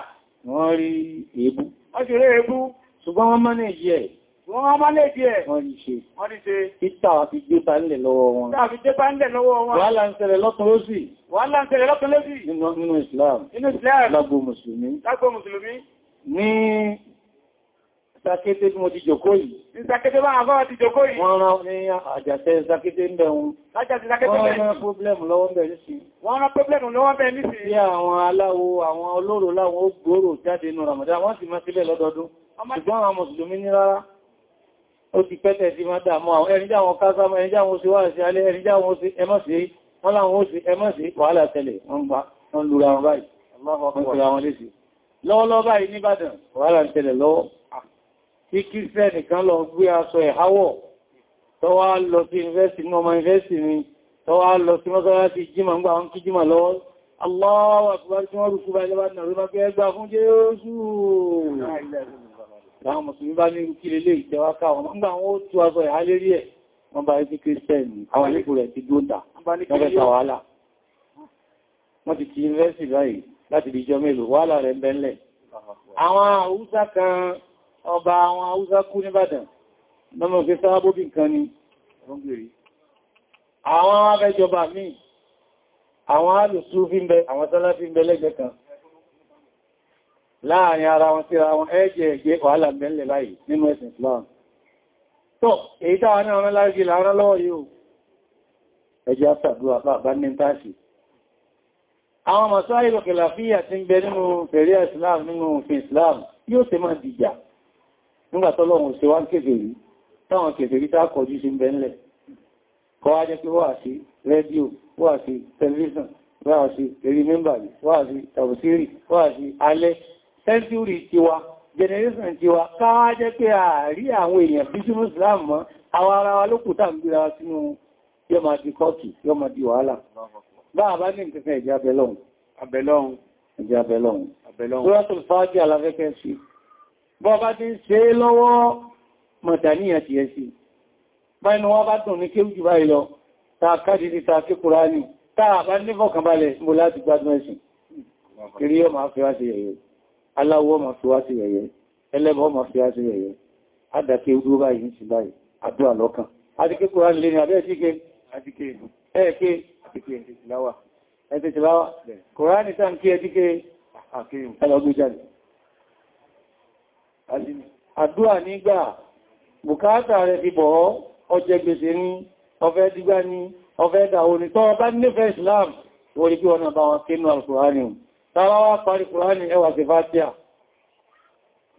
wọ́n rí èébú wọ́n ti rí èébú ṣùgbọ́n wọ́n mọ́nà èyí ẹ̀ wọ́n mọ́nà èyí ẹ̀ wọ́n rí ṣe wọ́n rí ṣe títà àfi gbé bá ń lẹ̀ lọ́wọ́ wọn tàbí gbé bá ń lẹ̀ lọ́wọ́ Ìsàkété bí mo ti jòkó yìí. Ìsàkété bá àbáwà ti jòkó yìí. Wọ́n rán ní àjàṣẹ́ ìsàkété ń bẹ̀rún. Àjàṣẹ́ ìsàkété bẹ̀rún. Wọ́n rán pọ́blẹ̀mù lọ́wọ́ bẹ̀rẹ̀ nísì. Wọ́n rán pọ́blẹ̀mù lọ́wọ́ bẹ̀rẹ̀ nísì. Bí àwọn aláwo, àwọn olóró láwọn ó gbòòrò jáde nínú Ramadan, wọ́n sì máa sílẹ̀ lọ́dọọdún. Ṣùgbọ́n àwọn Mùsùlùmí ní rárá. Ó ti pẹ́tẹ̀ sí máa dàmú àwọn ẹ̀rìnjá àwọn kásámọ́, ẹ̀rìnjá àwọn oṣù wà sí alẹ́, ẹ̀rìnjá àwọn oṣù ẹmọ́ wọ́n láwọn oṣù ẹmọ́ wàhálà tẹ́lẹ̀, wọ́n lura wọn báyìí. Lọ́wọ́lọ́wọ́ báyìí ní wàhálà tẹ́lẹ̀ lọ́wọ́ tí kírísẹ́ nìkan lọ gbé aṣọ ẹ̀háwọ̀ tó wá lọ sí university ní ọmọ university ni tó wá lọ sí mọ́sánláti jíma gbà ń kí jíma lọ́wọ́ Allahu Akbar tí wọ́n rúkú bá ilẹ̀ bá nà rí bá pé ẹgbà fún Jésù láwọn mùsùlùmí bá ní rúkí lélé ìjẹwà káwọn nígbà wọn ó tú aṣọ ẹ̀há lérí ẹ̀ wọ́n bá ikú kírísẹ́n àwọn ilé rẹ̀ ti dóta lọ́fẹ́ta wàhálà wọ́n ti ti university báyìí láti di ìjọ mélòó wàhálà rẹ̀ ń bẹ́ńlẹ̀ àwọn àwúsá kan ọba àwọn haúsá kú níbàdàn lọ́mọ̀ fi sáwọ́ bóbí nǹkan ni àwọn abẹ́jọba míì àwọn alùsù fi ń bẹ àwọn sálá fi ń bẹ lẹ́gbẹ̀ẹ́ kan láàrin ara wọn síra wọn ẹ́jẹ̀ ẹ̀gbẹ́ wàhálà mẹ́lẹ̀ láyìí nínú ẹ̀sìn Islam tó èyí táwà náà rán láàrín láàrín lọ́wọ́ yóò ẹjẹ́ àtàdúwà bá ní táàṣì àwọn masáìlù ti ń bẹ nínú fẹ̀rí Islam nínú òfin Islam yóò sì máa dìjà nígbà tọ́lọ́run ṣe wá ń kèfèrí táwọn kèfèrí tá kọjú sí bẹ́ńlẹ̀ kọ́ wá jẹ́ pé wà sí rédíò wà sí tẹlifíṣàn wà sí eré mẹ́mbàrí wà sí tàbùsírì wà sí alẹ́ sẹ́ńtúrì tiwa generation tiwa káwá jẹ́ pé àárí àwọn èèyàn bí sí muslim mọ́ àwọn ara wa lókù tá ń gbíra sínú yọmọ di kọ́ọ̀kì yọmọ di wàhálà bá àbá ní nǹkan ìjà abẹ́lọ́hun abẹ́lọ́hun ìjà abẹ́lọ́hun abẹ́lọ́hun bọ́ bá ti ń ṣe lọ́wọ́ mọ̀dàníyà ti ẹ̀ sí báyìí wọ́n bá dùn ní kí jù báyìí lọ tààkàdì ní tààkì kùránì tàà bá ní fọ́kànbalẹ̀ mú láti gbádùn ẹ̀sìn kiri yóò máa fi wá sí ẹ̀yẹ aláwọ̀ máa fi wá sí ẹ̀yẹ ẹlẹ́bọ̀ máa fi wá sí ẹ̀yẹ adàkí ojú báyìí sí báyìí àdúrà nígbà bùkátà rẹ̀ fi bọ̀ ọjẹ́ gbèsè ní ọfẹ́ dígbà ní ọfẹ́ ìdàwó ní tọ́wọ́ bá nífẹ́ Islam orí kí wọ́n bá wọn kínú al-Qur'ani parí Qur'ani ẹwà sí fásíà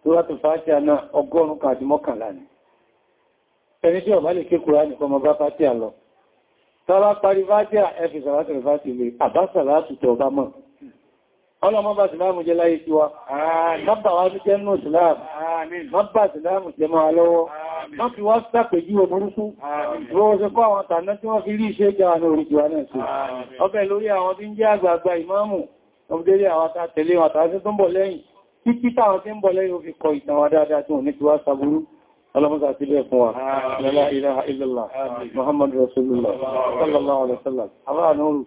Suratul fásíà náà ọgọ́rùn-ún kàdí mọ́kànlá ni ẹni tí lè ké kọmọ bá lọ tàbá parí fásíà ẹfì ọlọ́mọ bá ìsìláàmù jẹ láyé tí wa mọ́bà wá ní jẹ́ nínú ìsìláàmù mọ́bà ìsìláàmù jẹ máa lọ́wọ́ wọ́n fi wá sàpèjú omorúkú rọ́wọ́sẹ́ kọ́ àwọn tàná tí wọ́n fi rí iṣẹ́ jẹ́ àwọn oríjìwá náà sí ọbẹ̀ lórí àwọn tí ń jẹ́ àgbààgbà ìmáàmù ọmọdéré àwọn tàtẹ̀lé àwọn tàbí tó ń bọ̀ lẹ́yìn títí táwọn tí ń bọ̀ lẹ́yìn ó fi kọ ìtàn wa dáadáa tí wọ́n ní اللهم اغفر لي فوا لا اله الا الله محمد رسول الله صلى الله عليه وسلم àwọn nuru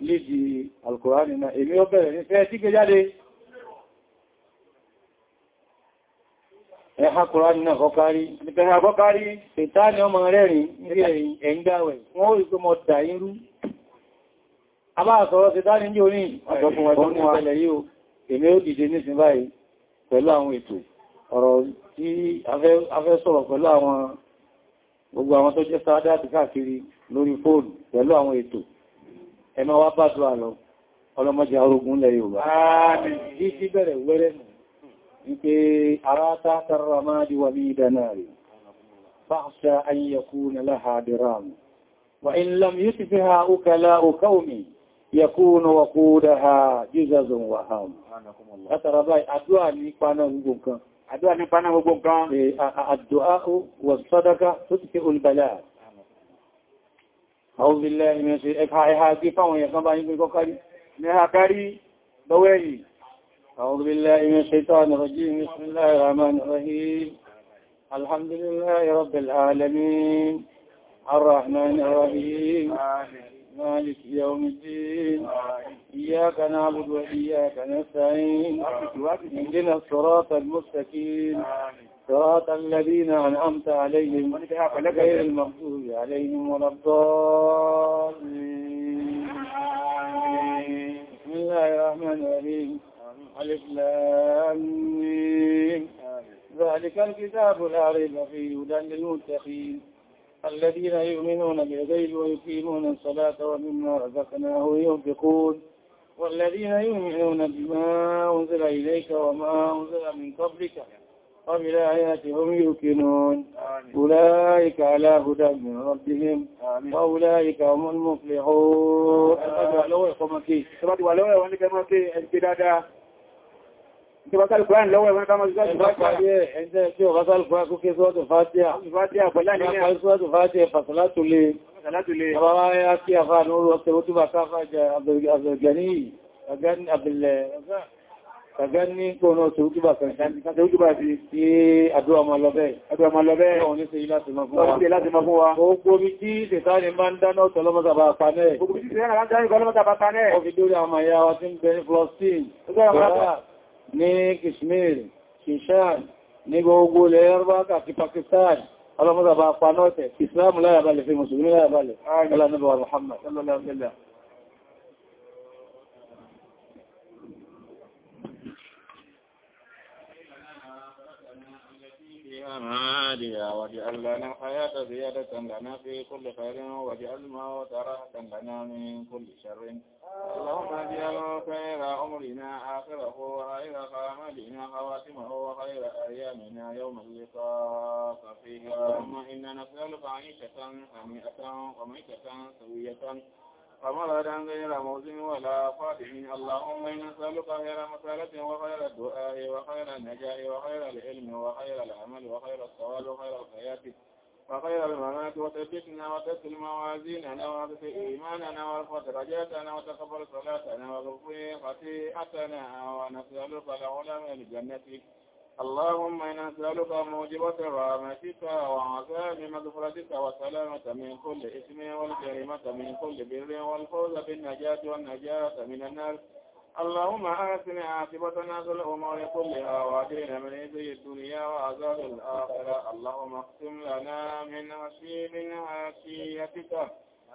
lidi alquran na èmi ó bẹ̀rẹ̀ ní fẹ́ tí ke jáde ẹ ha quran na kokari ni pe ha kokari sitani ó ma rerin ni eyin engbawe wọ́n ó ko ọ̀rọ̀ tí a fẹ́ sọ̀rọ̀ pẹ̀lú àwọn gbogbo àwọn tó jẹ́ sáádáàtì káàkiri lórí fóònù pẹ̀lú àwọn ètò ẹ máa wá bàdúrà lọ ọlọ́mọdé arógún lẹ Yorùbá bí sí bẹ̀rẹ̀ wẹ́rẹ́ nù wípé ara in lam yí ti fi ha ókàlá òkáomi yakúnu wakúdáha jízazun wàhálù látàrà báyìí àdúrà ní paná gbogbo nǹkan àdúrà nípa náà gbogbo nǹkan àdúrà wà sọ́dọ́ká tó ti ké olùbàlá àwọn ilẹ̀ ìmẹ̀ṣẹ̀ ẹ̀ka ẹ̀ha gbé fáwọn èèyàn kan bá yíngbé kọ́kárí mẹ́ha kárí lọ́wọ́ ẹ̀yìn أعوذ بالله من الشيطان الرجيم بسم العالمين الرحمن الرحيم آمين مالك يوم الدين إياك نعبد وإياك نستعين اهدنا الصراط المستقيم صراط الذين أنعمت عليهم غير المغضوب عليهم ولا الضالين بسم الله الرحمن الرحيم ألف لام ذلك الكتاب لا ريب فيه هدى للمتقين الذين يؤمنون بالغيب ويقيمون الصلاة ومما رزقناه ينفقون والذين يؤمنون بما أنزل إليك وما أنزل من قبلك وبالآيات آياتهم يوقنون أولئك على هدى من ربهم وأولئك هم المفلحون Tí bá sálùkúrá ń lọ́wọ́ ẹ̀wọ́n ká máa ṣíṣọ́ ìfàtíà. Ẹ̀ẹ́sẹ́ tí ó bá sálùkúrá kó kí sọ́ọ̀tù fàtíà. Ìfàtíà pẹ̀lá ní àpàṣíṣọ́ọ̀tù fàtíà fàṣọ́látù lè. Fàṣọ́látù lè. Bàbá wá yá sí àfáà ní orú ọ̀sẹ̀ ó túbà káfà jẹ àbẹ̀gẹ̀ní àbẹ̀lẹ̀ Àgbẹ́ni kò náà tó túbà kan ṣáàtì, ká tó túbà fi sí àdúrà ọmọ lọ́bẹ̀. Àdúrà ọmọ lọ́bẹ̀ ọ̀hún ní ṣe láti mọ́ fún wa. Ó ṣe láti mọ́ fún wa. Ó gbóbi tí ṣètáni máa ń dáná ọ̀tọ̀ lọ́mọ́ta bá pa náà. Ó gbóbi tí ṣètáni máa ń dáná ọ̀tọ̀ lọ́mọ́ta bá pa náà. Ó fi dórí àwọn àyà wa tí ń bẹ ní Flọ́stín. Ó gbára ní Kashmir Shishan ní gbogbo ilẹ̀ Yorùbá àti Pakistan ọlọ́mọ́sàbà panáwọ̀tẹ̀ Islam láyàbalẹ̀ fi Mùsùlùmí láyàbalẹ̀ alánàbà Muhammad sallallahu alaihi wasallam جهنم واجعل لنا الحياة زيادة لنا في كل خير واجعل الموت راحة لنا من كل شر اللهم اجعل خير عمرنا آخره وخير قامتنا خواتمه وخير أيامنا يوم اللقاء فيه اللهم إنا نسألك عيشة هنيئة وميتة سوية فمر عن غير موزن ولا قادم اللهم إن نسألك خير مسألة وخير الدعاء وخير النجاء وخير العلم وخير العمل وخير الصواب وخير الحياة وخير الممات وثبتنا وثبت موازيننا واغفر إيماننا وارفض رجاتنا وتقبل صلاتنا وغفر خطيئتنا ونسألك من الجنة اللهم إنا نسألك موجبة رحمتك وعذاب مغفرتك وسلامة من كل إثم والكريمة من كل بر والفوز بالنجاة والنجاة من النار اللهم آتنا عاقبتنا في الأمور كلها وأجرنا من خزي الدنيا وعذاب الآخرة اللهم اقسم لنا من عشيتك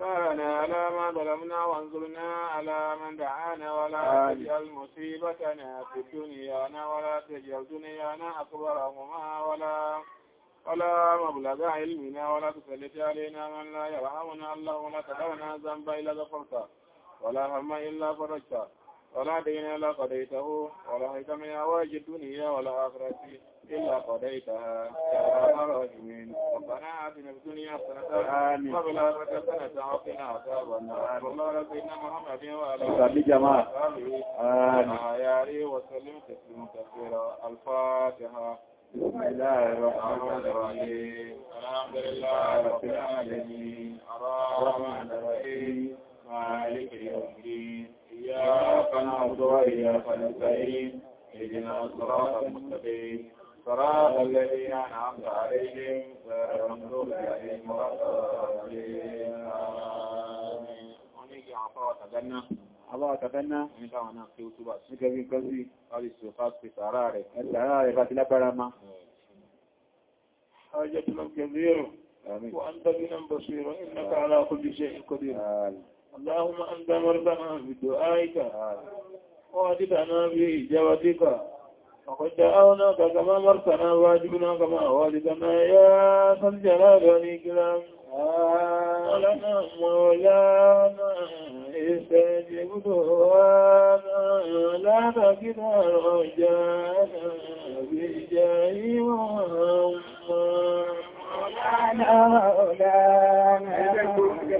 فلنا على ما ظلمنا وانظرنا على من دعانا ولا تجعل مصيبتنا في دنيانا ولا تجعل دنيانا أكبر هما ولا ولا مبلغ علمنا ولا تسلط علينا من لا يرحمنا اللهم لا تدعنا ذنبا إلا غفرته ولا هم إلا فرجته ولا دين إلا قضيته ولا حكم يا أواجه الدنيا ولا آخرته إلا قضيتها كما رحم ربنا آتنا في الدنيا حسنة وفي الآخرة حسنة وقنا عذاب النار اللهم صل على محمد وعلى آله جماعة آمين وسلم تسليما كثيرا الفاتحة بسم الله الرحمن الرحيم الحمد لله رب العالمين الرحمن الرحيم مالك يوم الدين إياك نعبد وإياك نستعين اهدنا الصراط المستقيم صراط الذين أنعمت عليهم غير المغضوب عليهم ولا الضالين الله تبنى nígbà wọn náà kí ó túbà sí gẹ́gẹ́ gẹ́gẹ́ sí ọlìsì ọ̀fà sí sàárà rẹ̀ ẹ̀sàárà rẹ̀ bá ti lágbára ma ọjọ́ tí wọ́n gẹ̀rẹ́ rẹ̀ وأنت بنا بصير إنك على كل شيء قدير اللهم أنت مرضنا بدعائك وعدتنا بإجابتك وقد دعوناك كما مرتنا واجبنا كما والدنا يا ذا الجلال والإكرام لنا مولانا استجب دعانا لا تكد رجانا بجاه محمد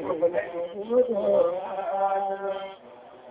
مولانا مولانا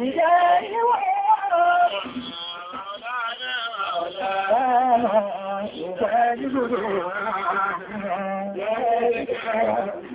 Yeah, yeah, yeah. مولانا مولانا